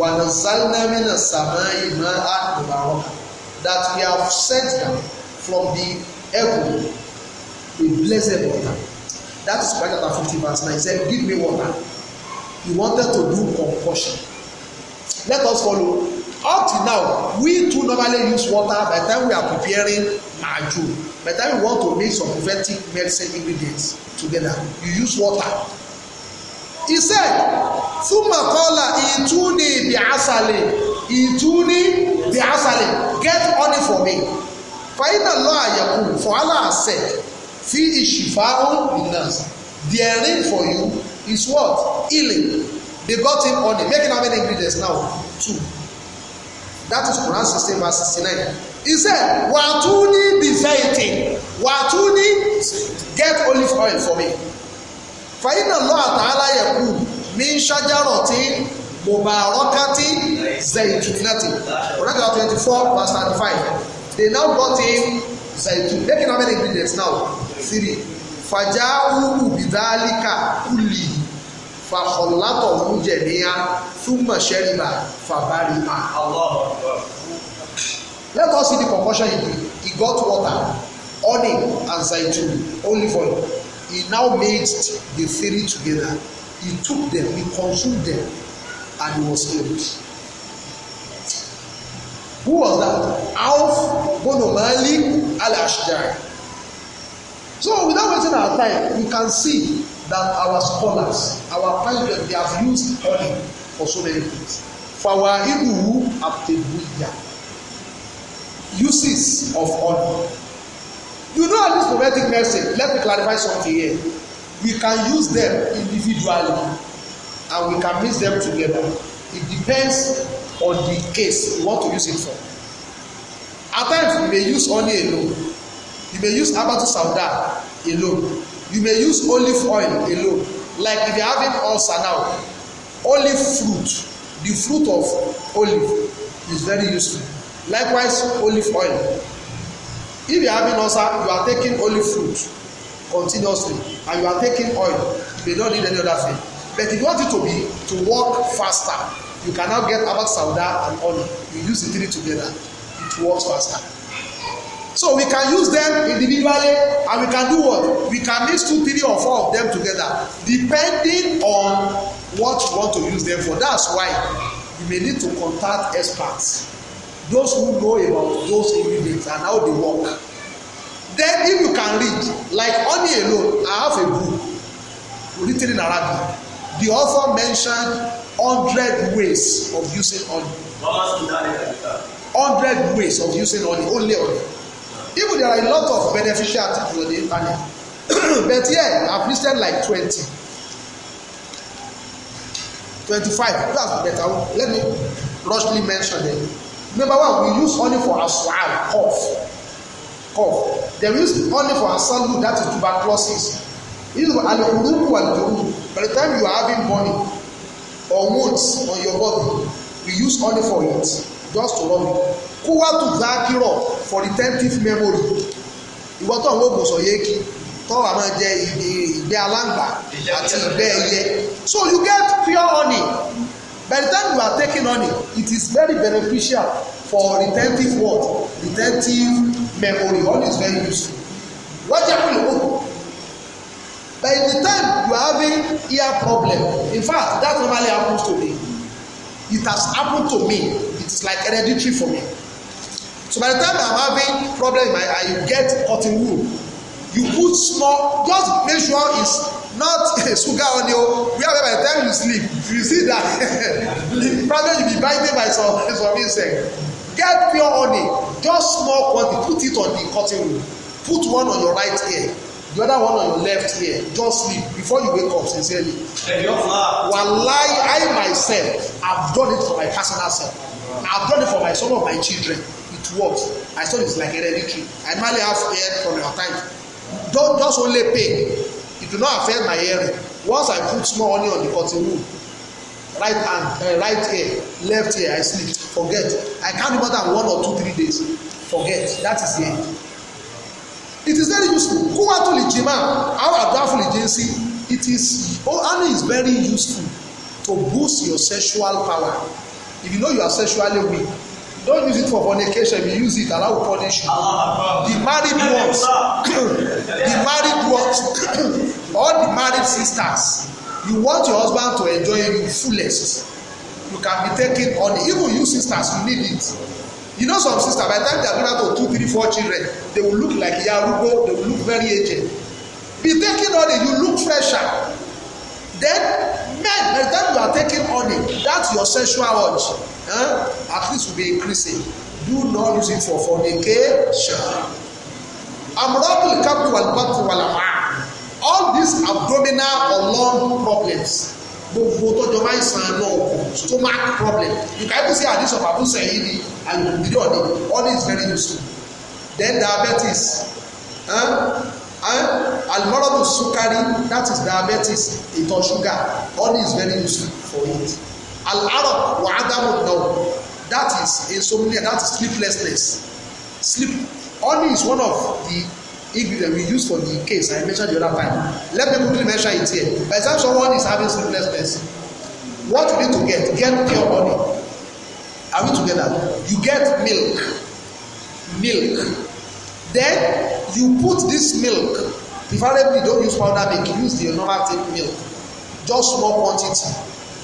wà ní sálẹ́mìnà sàmà ìmọ̀ àkùbárọ̀ that we have sent them from the heaven a blessed water. That is Quran chapter 50, verse 9. He said, Give me water. He wanted to do compulsion. Let us follow. Up till now, we too normally use water by the time we are preparing maju. By the time we want to make some preventive medicine ingredients together, you use water. He said, Thumma kola ituni bi'asali. Ituni bi'asali. Get honey for me. Find Allah yakun. For Allah said, fi ishifa'un linnas their name for you is what healing they got in on it making how many ingredients now two that is Quran sixteen verse sixty-nine he said watuni bizaitin watuni get olive oil for me fàyínà lọ́wọ́ àtàlà yẹ̀kú mi ń ṣájárọ̀ tí mubarakati zaitunati Quran twenty-four verse thirty-five they now got him zaitun making how many ingredients now three fàjà wúwú bìdálíkà kùlì fàkọ̀látọ̀ mú jẹ̀míyá súnmọ̀ fàbárìmà. Let us see the concoction he did. He got water, honey, and zaitun, olive oil. He now mixed the three together. He took them, he consumed them, and he was healed. Who was that? Auf Bonomali al-Ashdari. So without wasting our time, you can see that our scholars, our pioneers, they have used honey for so many things. Fawaiduhu abtebuya. Uses of honey. You know at this prophetic message, let me clarify something here. We can use them individually and we can mix them together. It depends on the case you want to use it for. At times we may use honey alone You may use herbal sauda alone. You may use olive oil alone. Like if you are having ulcer now, olive fruit, the fruit of olive is very useful. Likewise, olive oil. If you are having ulcer, you are taking olive fruit continuously and you are taking oil. You may not need any other thing. But if you want it to be to work faster, you can now get herbal sauda and oil. You use the three together. It works faster. So we can use them individually and we can do what? We can mix two, three, or four of them together depending on what you want to use them for. That's why you may need to contact experts, those who know about those ingredients and how they work. Then if you can read, like honey alone, I have a book written in Arabic. The author mentioned hundred ways of using honey. Hundred ways of using honey, only honey even there are a lot of beneficial things for the planet but here i've listed like twenty twenty-five that's better let me rushly mention them number one we use honey for aswad cough cough dem use honey for asangu that is tuberculosis use alukuruku and juru by the time you are having money or wounds on your body we use honey for it just to rub it kuwatu zakiro for retentive memory ìwọ tó àwọn oògùn sọ̀yẹ́ kí tọ́wọ́ àmọ́ jẹ ìgbẹ́ aláǹgbá àti ìgbẹ́ ẹyẹ so you get pure honey by the time you are taking honey it is very beneficial for retentive what retentive memory honey is very useful wọ́n jẹ́ pẹ̀lú oògùn by the time you are having ear problem in fact that normally happens to me it has happened to me it is like hereditary for me So by the time I'm having problem I, you get cotton wool. You put small, just make sure it's not sugar on you. We have by the time you sleep, you see that Problem you be biting by some some insect. Get pure honey, just small quantity, put it on the cotton wool. Put one on your right ear, the other one on your left ear. Just sleep before you wake up sincerely. Wallahi, I myself, have done it for my personal self. I've done it for my some of my children works. I saw it's like hereditary. I normally have hair from your time. Don't just only pay. It will not affect my hearing. Once I put small onion on the cotton wool, right hand, uh, right ear, left ear, I sleep. Forget. I can't remember more one or two, three days. Forget. That is the end. It is very useful. Kuwatul Jima, our Adaful Agency, it is, oh, honey is very useful to boost your sexual power. If you know you are sexually weak, don't use it for fornication if you use it Allah will punish you the married ones the married ones all the married sisters you want your husband to enjoy you fullest you can be taking on even you sisters you need it you know some sisters by the time they are married two three four children they will look like yarugo they will look very aged be taking on you look fresher then Men, by the time you are taking honey, that's your sexual urge. Huh? Eh? At least will be increasing. Do not use it for fornication. Amrabul kabdu wal batu All these abdominal or lung problems. Gbogbo tọjọ máa san ẹnu ọkọ stomach problem. You can even say àdísọ̀ bàbá sẹ́yìn ni àyùkù bídọ̀ ni. All this is very useful. Then diabetes. Huh? Eh? Eh? almorobu sukari that is diabetes ìtọ̀ sugar honey is very useful for it al-arab wa adamu now that is insomnia that is sleeplessness sleep honey is one of the ingredient we use for the case I mentioned the other time let me quickly measure it here by the time someone is having sleeplessness what you need to get get pure honey are we together you get milk milk then you put this milk preferably don't use powder milk use the normal thick milk just small quantity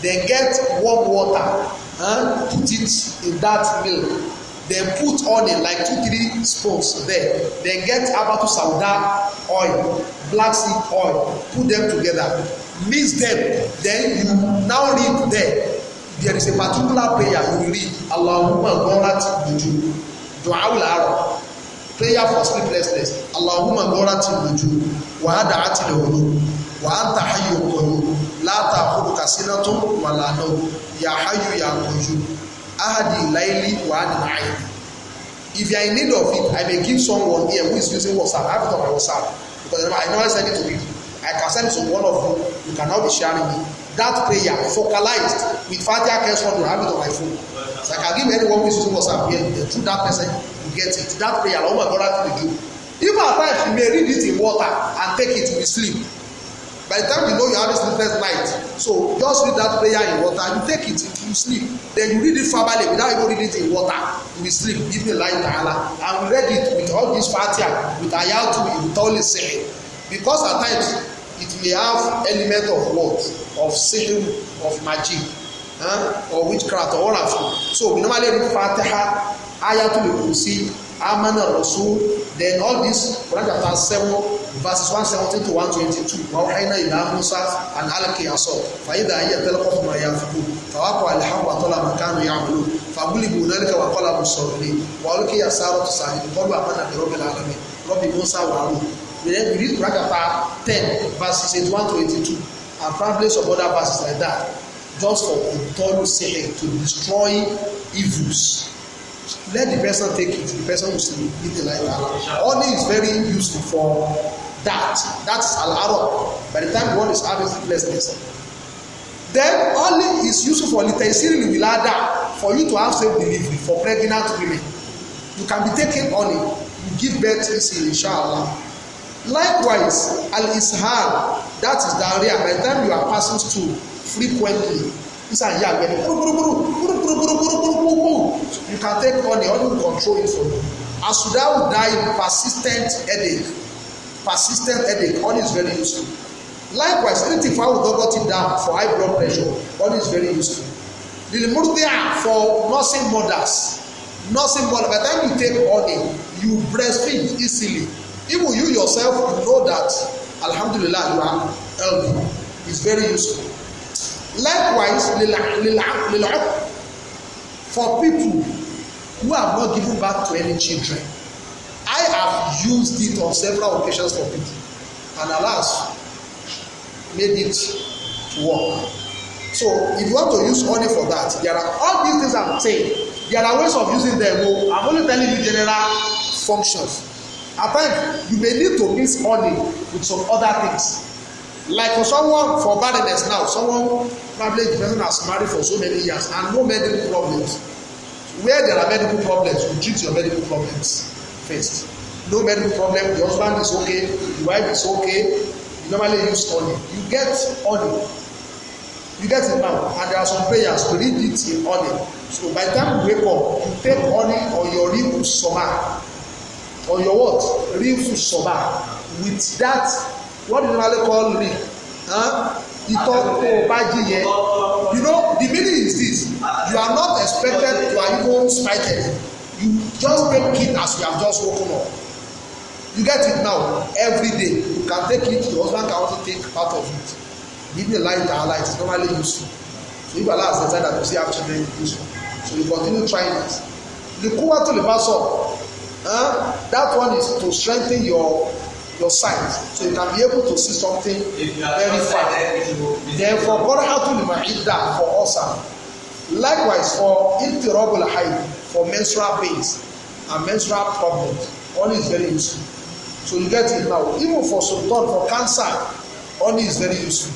then get warm water and put it in that milk then put onion like two three spoons there then get abatu sauda oil black seed oil put them together mix them then you now read there there is a particular prayer you read allahumma ghanat buju du'a ul arab prayer for sleeplessness allahumma wa lọ́rati lójú wàhádà àti lọ́wọ́ wàhátà hayò kọ̀yò látà àkókò sínátó wàlànà yà hayò yà kọ̀yò ahadi ìláìlì wàhádà náà if you in need of it i may give someone here who is using whatsapp i have it on my whatsapp because i know I send it to people i can send it to one of you you can now be sharing it that prayer focalized with fatiha kesson to have it on my phone so i can give anyone who is using whatsapp here through that person get it that prayer lọ́mọ ìbọ́ra ti do even at times you may read it in water and take it to sleep by the time you know you have a sleepless night so just read that prayer in water you take it you sleep then you read it verbally without even reading it in water you will sleep even like ta'ala and we read it with all this fatia with ayatu with all this sehir because at times it may have element of what of sehir of magic huh? or witchcraft or all of you. so we normally read fatiha to ayatul kursi amana rasul then all this Quran chapter seven verses one seventeen to one twenty-two wa wahayna ila musa an alqi aso fa idha hiya talqafu ma yafiku fawaqa alhamu wa tala ma kanu ya'malu fagulibu hunalika wa qalabu sawli wa ulqiya saratu sahib qalu amana bi rabbil alamin rabbi musa wa harun we then read Quran chapter ten verses eighty-one to eighty-two and probably some other verses like that just for to tolu sehe to destroy evils let the person take it the person will see it like that honey is very useful for that that is alaro by the time one is having the sleeplessness then honey is useful for litensiri wilada for you to have safe delivery for pregnant women you can be taking honey you give birth easily inshallah likewise al ishar that is diarrhea by the time you are passing stool frequently sísà ń yàgbẹ́ kúrúkúrúkúrú kúrúkúrúkúrúkúrúkúrú you can take honey honey will control it for you asuda will die in persistent headache persistent headache honey is very useful likewise anything for how dogot it down for high blood pressure honey is very useful lilimurudia for nursing mothers nursing mothers by the time you take honey you breastfeed easily even you yourself you know that alhamdulillah you are healthy it's very useful Likewise, for people who have not given back to any children, I have used it on several occasions for people, and alas, made it to work. So, if you want to use money for that, there are all these things I'm saying. There are ways of using them. Oh, I'm only telling you general functions. At times, you may need to mix money with some other things Like for someone for barrenness now, someone probably the person has married for so many years and no medical problems. Where there are medical problems, you treat your medical problems first. No medical problem, the husband is okay, the wife is okay. You normally use honey. You get honey. You get it now, and there are some prayers to read it in honey. So by the time you wake up, you take honey on your rib soma, on your what? Rib soma. With that what the Malay call me huh? ìtọ́ tó o bá you know the meaning is this you are not expected to are even spited you just take it as you have just woken up you get it now every day you can take it your husband can also take part of it give me light and light it's normally useful so if Allah has decided that you still have children you use so you continue trying it the kuwa to the basso huh? that one is to strengthen your your sight so you can be able to see something very far Then therefore God had to remind that for us and ah, likewise for interrobal height, for menstrual pains and menstrual problems honey is very useful so you get it now even for sultan for cancer honey is very useful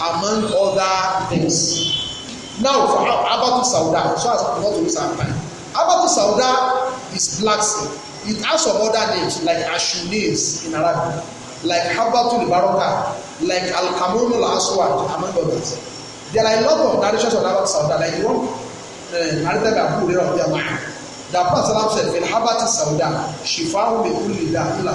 among other things now for abatu sauda so as we go to use our time abatu sauda is black seed It has some other names like Ashunais in Arabic, like Habatul Baraka, like Al Kamunul Aswad, among others. There are a lot of narrations of Nabat Sauda, like one uh, narrated by Abu Hurairah of the Amman. The Prophet said, Fil Habati Sauda, Shifahu bi kulli da ila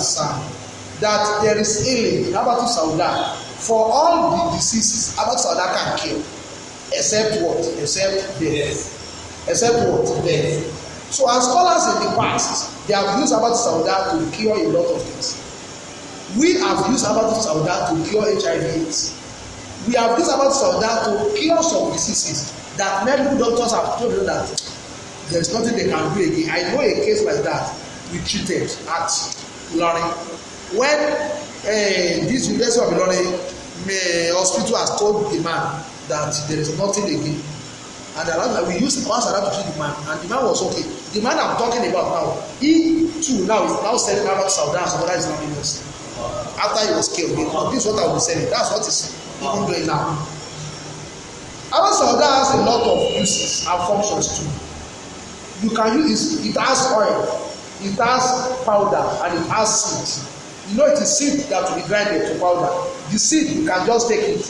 That there is healing in Habatu Sauda for all the diseases Habatu Sauda can cure. Except what? Except death. Except what? Death. So as scholars in the past, they have used Habbatu Sauda to cure a lot of things. We have used Habbatu Sauda to cure HIV/AIDS. We have used Habbatu Sauda to cure some diseases that medical doctors have told you that there is nothing they can do again. I know a case like that we treated at Ilorin. When uh, this University of Ilorin eh, hospital has told the man that there is nothing again and the man we used one sarah to treat the man and the man was okay The man I'm talking about now, he too now is now selling out Saudi and some other Islamic laws. After he was killed, because this is what I will selling. That's what he's even doing now. Arab Saudi has a lot of uses and functions too. You can use it, it has oil, it has powder, and it has seed. You know it is seed that will be grinded to powder. The seed you can just take it.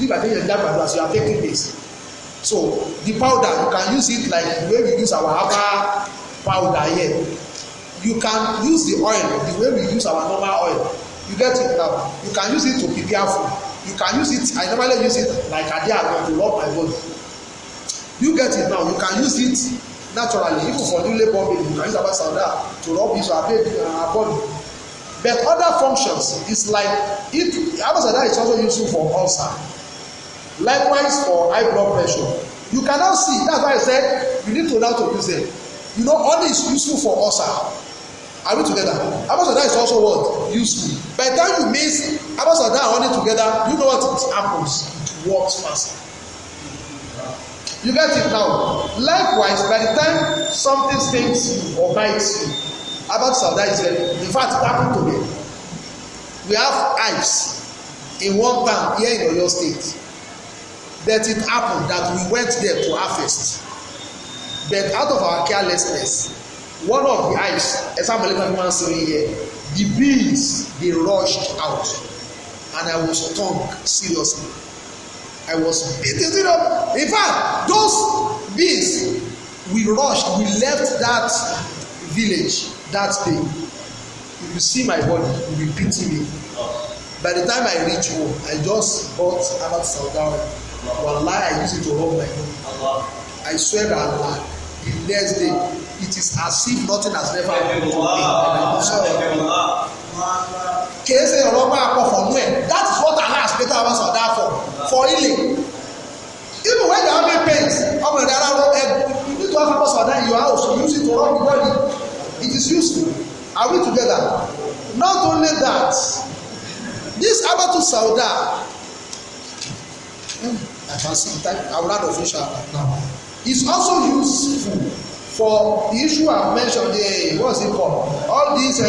If I take your dad as you are taking this, so the powder you can use it like the way we use our herbal powder here you can use the oil the way we use our normal oil you get it now you can use it to prepare food you can use it i normally use it like I adiago to rub my body you get it now you can use it naturally even for new labour baby you can use abasada to rub his or her baby and her body but other functions is like it abasada is also useful for ulcer likewise for high blood pressure you cannot see that's why i said you need to learn to use them you know honey is useful for ulcer ah. are we together abasada is also what useful by the time you mix abasada and honey together you know what it happens it works faster you get it now likewise by the time something stings you or bites you abasada is very in fact it happen to me we have hives in one town here in oyo state that it happened that we went there to harvest but out of our carelessness one of the eyes example like one saying here the bees dey rushed out and i was stung seriously i was beating it up in fact those bees we rushed we left that village that day if you see my body you be pity me by the time i reach home i just got about saudi arabia Wallahi, I use it to rub my nose. I swear that Allah, the next day, it is as if nothing has never happened to me. And I'm sorry. Kèé ṣe ọ̀rọ̀ That is what Allah has created us for that for. For healing. Even when you have pain, ọmọ ìdá ara rọ ẹ̀gbọ́n. You need to have purpose for that in your house. You use it to rub the body. It is useful. Are we together? Not only that, this Abatu Sauda. Mm. I type awurad of inshallah now It's also useful for the issue i mentioned there eh, what's it called all these uh,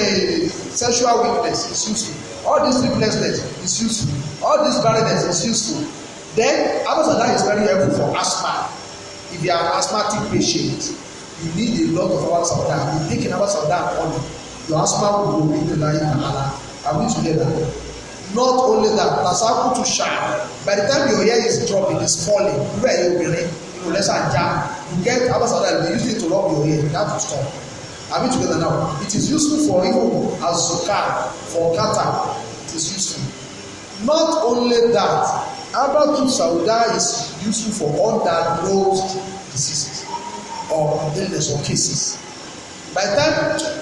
sexual weakness is useful all these sleeplessness is useful all these barrenness is useful then abasada is very helpful for asthma if you are an asthmatic patient you need a lot of abasada you take an abasada on your asthma will be into life and allah are we together not only that that's how to shine by the time your hair is dropping it's is falling irú ẹ̀yẹ obìnrin you less than jam. you get abasada you dey use to rub your hair that will stop I mean, together now it is useful for even as zuka for kata it is useful not only that abatu sauda is useful for undiagnosed diseases or illness or cases by the time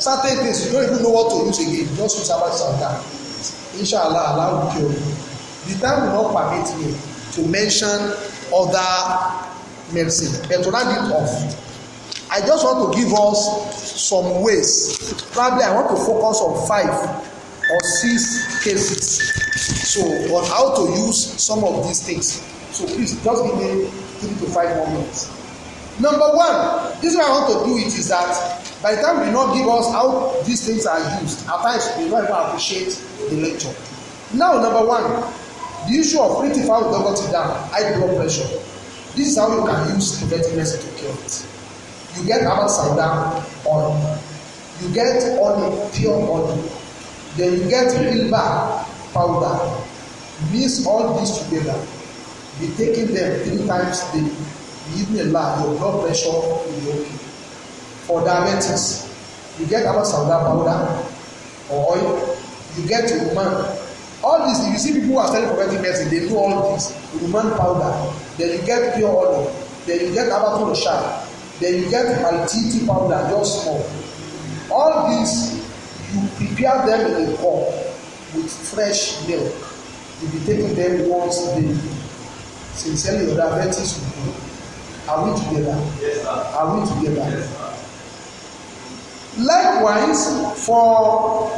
certain things you don't even know what to use again just use abatu sauda inshallah allah will cure the time will not permit me to mention other mercy. but to round it off i just want to give us some ways probably i want to focus on five or six cases so on how to use some of these things so please just give me three to five more minutes number one this is what i want to do it is that By the time we not give us how these things are used, at times we don't even appreciate the lecture. Now, number one, the issue of pretty foul double down, high blood pressure. This is how you can use preventive medicine to cure it. You get upside down on, you get on pure body, then you get silver powder. Mix all this together. Be taking them three times daily. Even a lot, your blood pressure will be okay for diabetics you get about sauda powder or oil you get woman all this you see people who are selling prophetic medicine they do all this woman powder then you get pure oil then you get abatolo sharp then you get altiti powder just small all this you prepare them in a cup with fresh milk you be taking them once daily sincerely your diabetes will go are we together yes, sir. are we together. Yes, Likewise, for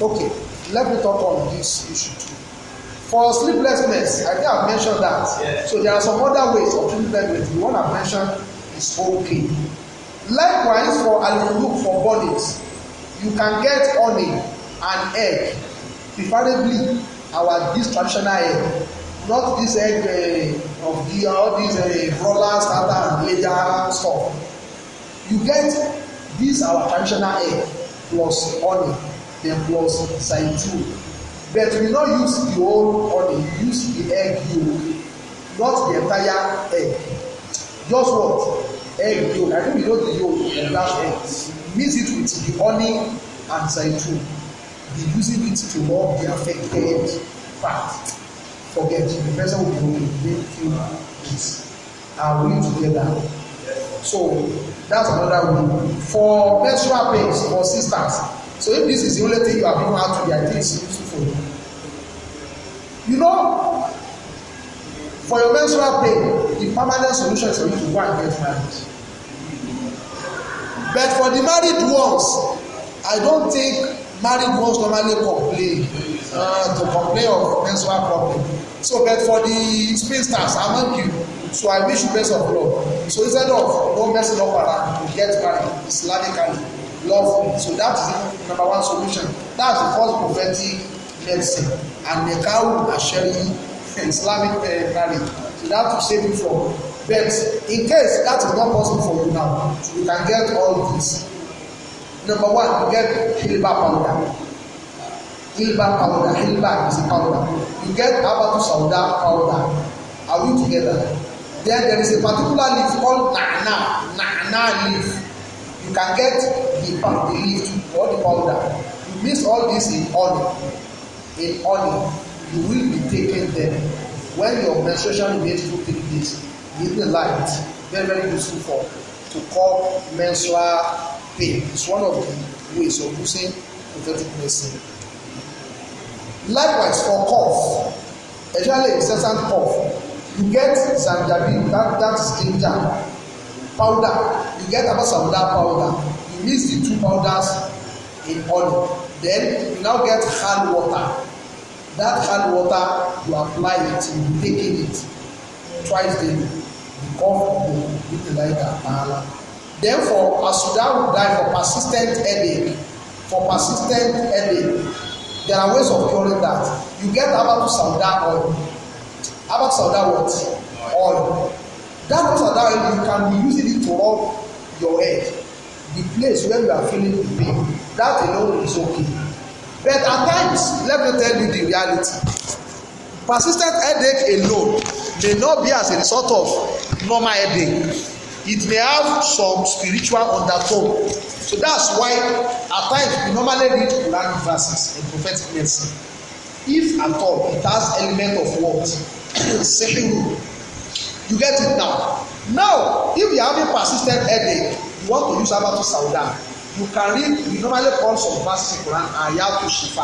okay, let me talk on this issue too. For sleeplessness, I think I've mentioned that. Yes. So there are some other ways of treating them The one I've mentioned is okay. Likewise, for aliluk for bodies, you can get honey and egg, preferably our this traditional egg, not this egg uh, of the all these uh, rollers, starter, and later stuff. You get This our traditional egg plus honey then plus zaitun. But we no use the whole honey, we use the egg yolk, not the entire egg. Just what? Egg yolk. I think we know the yolk and that egg. Mix it with the honey and zaitun. Be using it to rub the affected part. Forget the person will be willing to feel peace. Are we together? So that's another way. For menstrual pains for sisters, so if this is the only thing you have known how to do, I think it's useful for you. You know, for your menstrual pain, the permanent solution is for you to go and get married. But for the married ones, I don't think married ones normally complain uh, to complain of menstrual problem. So, but for the spinsters among you, So I wish you best of luck. So instead of no messing up around, you get married Islamically. Love. So that is number one solution. That is the first prophetic medicine. And the cow Asheri Islamic uh, eh, marriage. So that to save you from birth. In case that is not possible for you now, you can get all this. Number one, you get Hilba powder. Hilba powder. Hilba is a powder. You get Abatu Sauda powder. Are we together? Then there is a particular leaf called na'na, na'na leaf. You can get the, the leaf or the powder. You mix all this in honey. In honey, you will be taking them when your menstruation rate to take this. Give the light. Very, very useful for to call menstrual pain. It's one of the ways of using prophetic medicine. Likewise, for cough, especially incessant cough, You get zanjabil, that, that ginger powder. You get abasawuda powder. You mix the two powders in oil. Then you now get hard water. That hard water, you apply it, you taking it twice daily. The cough will be like Then for Asuda die for persistent headache. For persistent headache, there are ways of curing that. You get Abatu Sauda oil About about that word, Oil. That Sauda oil, you can be using it to rub your head. The place where you are feeling the pain, that alone is okay. But at times, let me tell you the reality. Persistent headache alone may not be as a result of normal headache. It may have some spiritual undertone. So that's why at times we normally read Quran verses in prophetic medicine. If at all, it has element of what? You get it now. Now, if you have a persistent headache, you want to use Abba to Sauda. You can read, You normally call some verses in Quran Ayatu Shifa.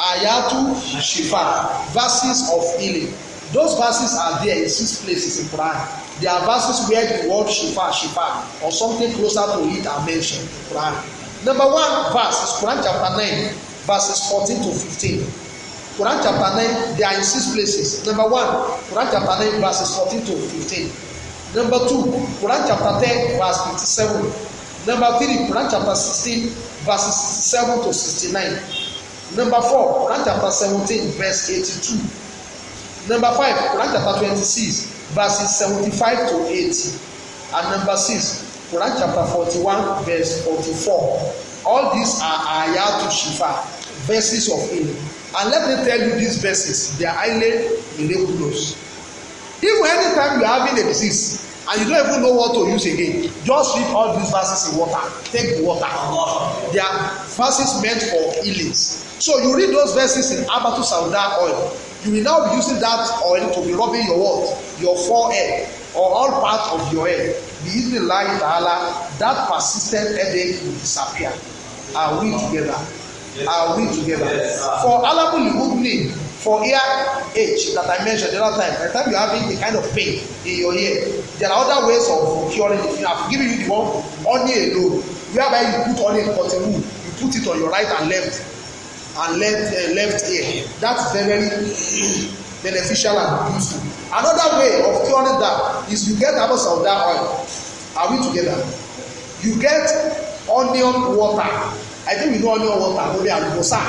Ayatu Shifa, verses of healing. Those verses are there in six places in Quran. There are verses where the word Shifa, Shifa, or something closer to it are mentioned in Quran. Number one verse is Quran chapter nine, verses fourteen to fifteen. Quran chapter nine, they are in six places. Number one, Quran chapter nine, verses fourteen to fifteen. Number two, Quran chapter ten, verse fifty-seven. Number three, Quran chapter 16, verses seven to sixty-nine. Number four, Quran chapter seventeen, verse eighty-two. Number five, Quran chapter twenty 26, verses seventy-five to eighty. And number six, Quran chapter forty-one, verse forty-four. All these are ayatul shifa, verses of healing. And let me tell you these verses, they are highly miraculous. Even anytime you are having a disease and you don't even know what to use again, just read all these verses in water. Take the water. They are verses meant for healings. So you read those verses in Abatu Sauda oil. You will now be using that oil to be rubbing your what? Your forehead or all parts of your head. Biizni Lai Ta'ala, that persistent headache will disappear. And we together? are we together? Yes, for alabul hudni, for ear age that I mentioned the other time, by the time you're having the kind of pain in your ear, there are other ways of curing it. I've given you the one onion alone, whereby you put onion cotton wool, you put it on your right and left, and left uh, left ear. That's very beneficial and useful. Another way of curing that is you get apple cider oil. Are we together? You get onion water I think you know onion water lórí àlùbọ́sà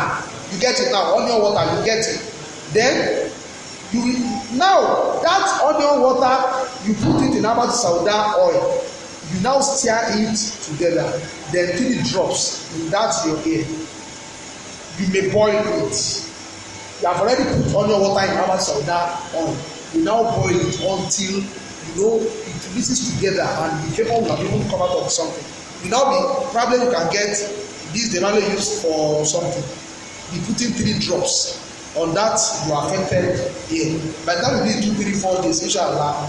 you get it now onion water you get it then you now that onion water you put it in about sauda oil you now stir it together then three drops in that your ear you may boil it you have already put onion water in about sauda oil you now boil it until you know it mixes together and the paper will have even come out of something you now the problem you can get This the value used for something. Be putting three drops on that you are affected here. By the time you do three, four days, You shall inshallah,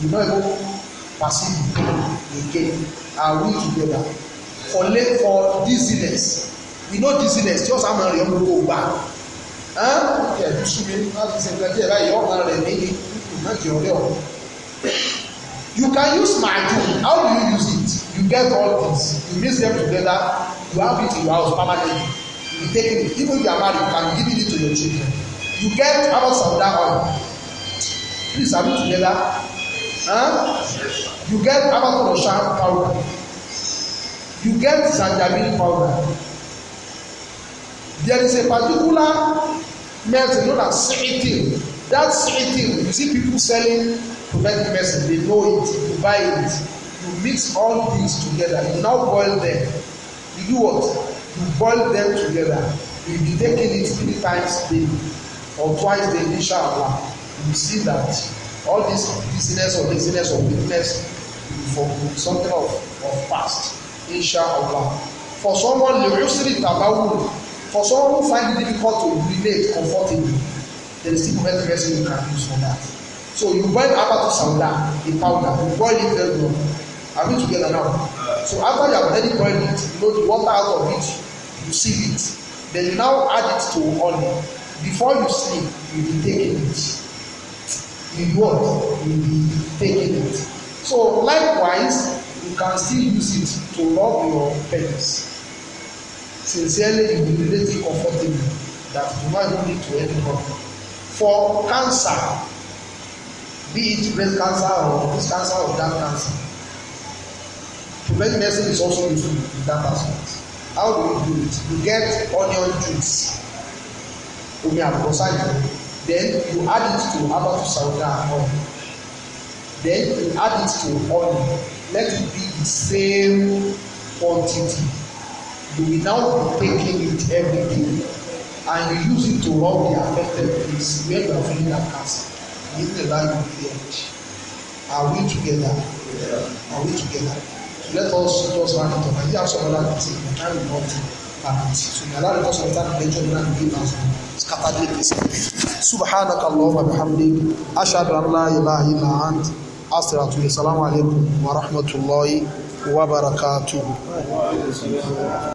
you no even perceive again. Are we together? For late for dizziness, you know dizziness just how many young people go back. Huh? Yeah, you should be not the same like yeah, right? You're not ready. Not your real. You can use my tool. How do you use it? You get all things. You mix them together You have it in your house permanently. You be taking it. Even if you are married, you can be giving it to your children. You get how much of that oil? Please, are we together? Huh? You get of the abakoroshan powder. You get zanjabil powder. There is a particular medicine known as sitin. That sitin, you see people selling preventive medicine, they know it, you buy it. You mix all these together, you now boil them you what you boil them together you be taking it three times daily or twice daily inshallah you see that all this business or business or business for something of of past inshallah for someone le usri tabawul for someone who find it difficult to relate comfortably there is still better person you can use for that so you boil abatu sauda a powder you boil it very well are we together now So after you have already boiled it, you know the water out of it, you seal it. Then now add it to honey. Before you sleep, you will be taking it. You what? You will be taking it. So likewise, you can still use it to rub your penis. Sincerely, you will relate it comfortably that you might not need to any problem. For cancer, be it breast cancer or this cancer or that cancer, Prophetic medicine is also useful in that aspect. How do you do it? You get onion juice, omi have yìí. Then you add it to herbal sauda and Then you add it to oil. Let it be the same quantity. You will now be taking it every day and you use it to rub the affected place where you are feeling that cancer. In the line of the age. Are we together? Are we together? let us just back it up and give us some other thing we can not permit so may Allah because of that nature now give us scatter the peace subhanak allahumma bihamdik ashhadu an la ilaha illa ant astaghfiruka assalamu alaikum wa rahmatullahi wa barakatuh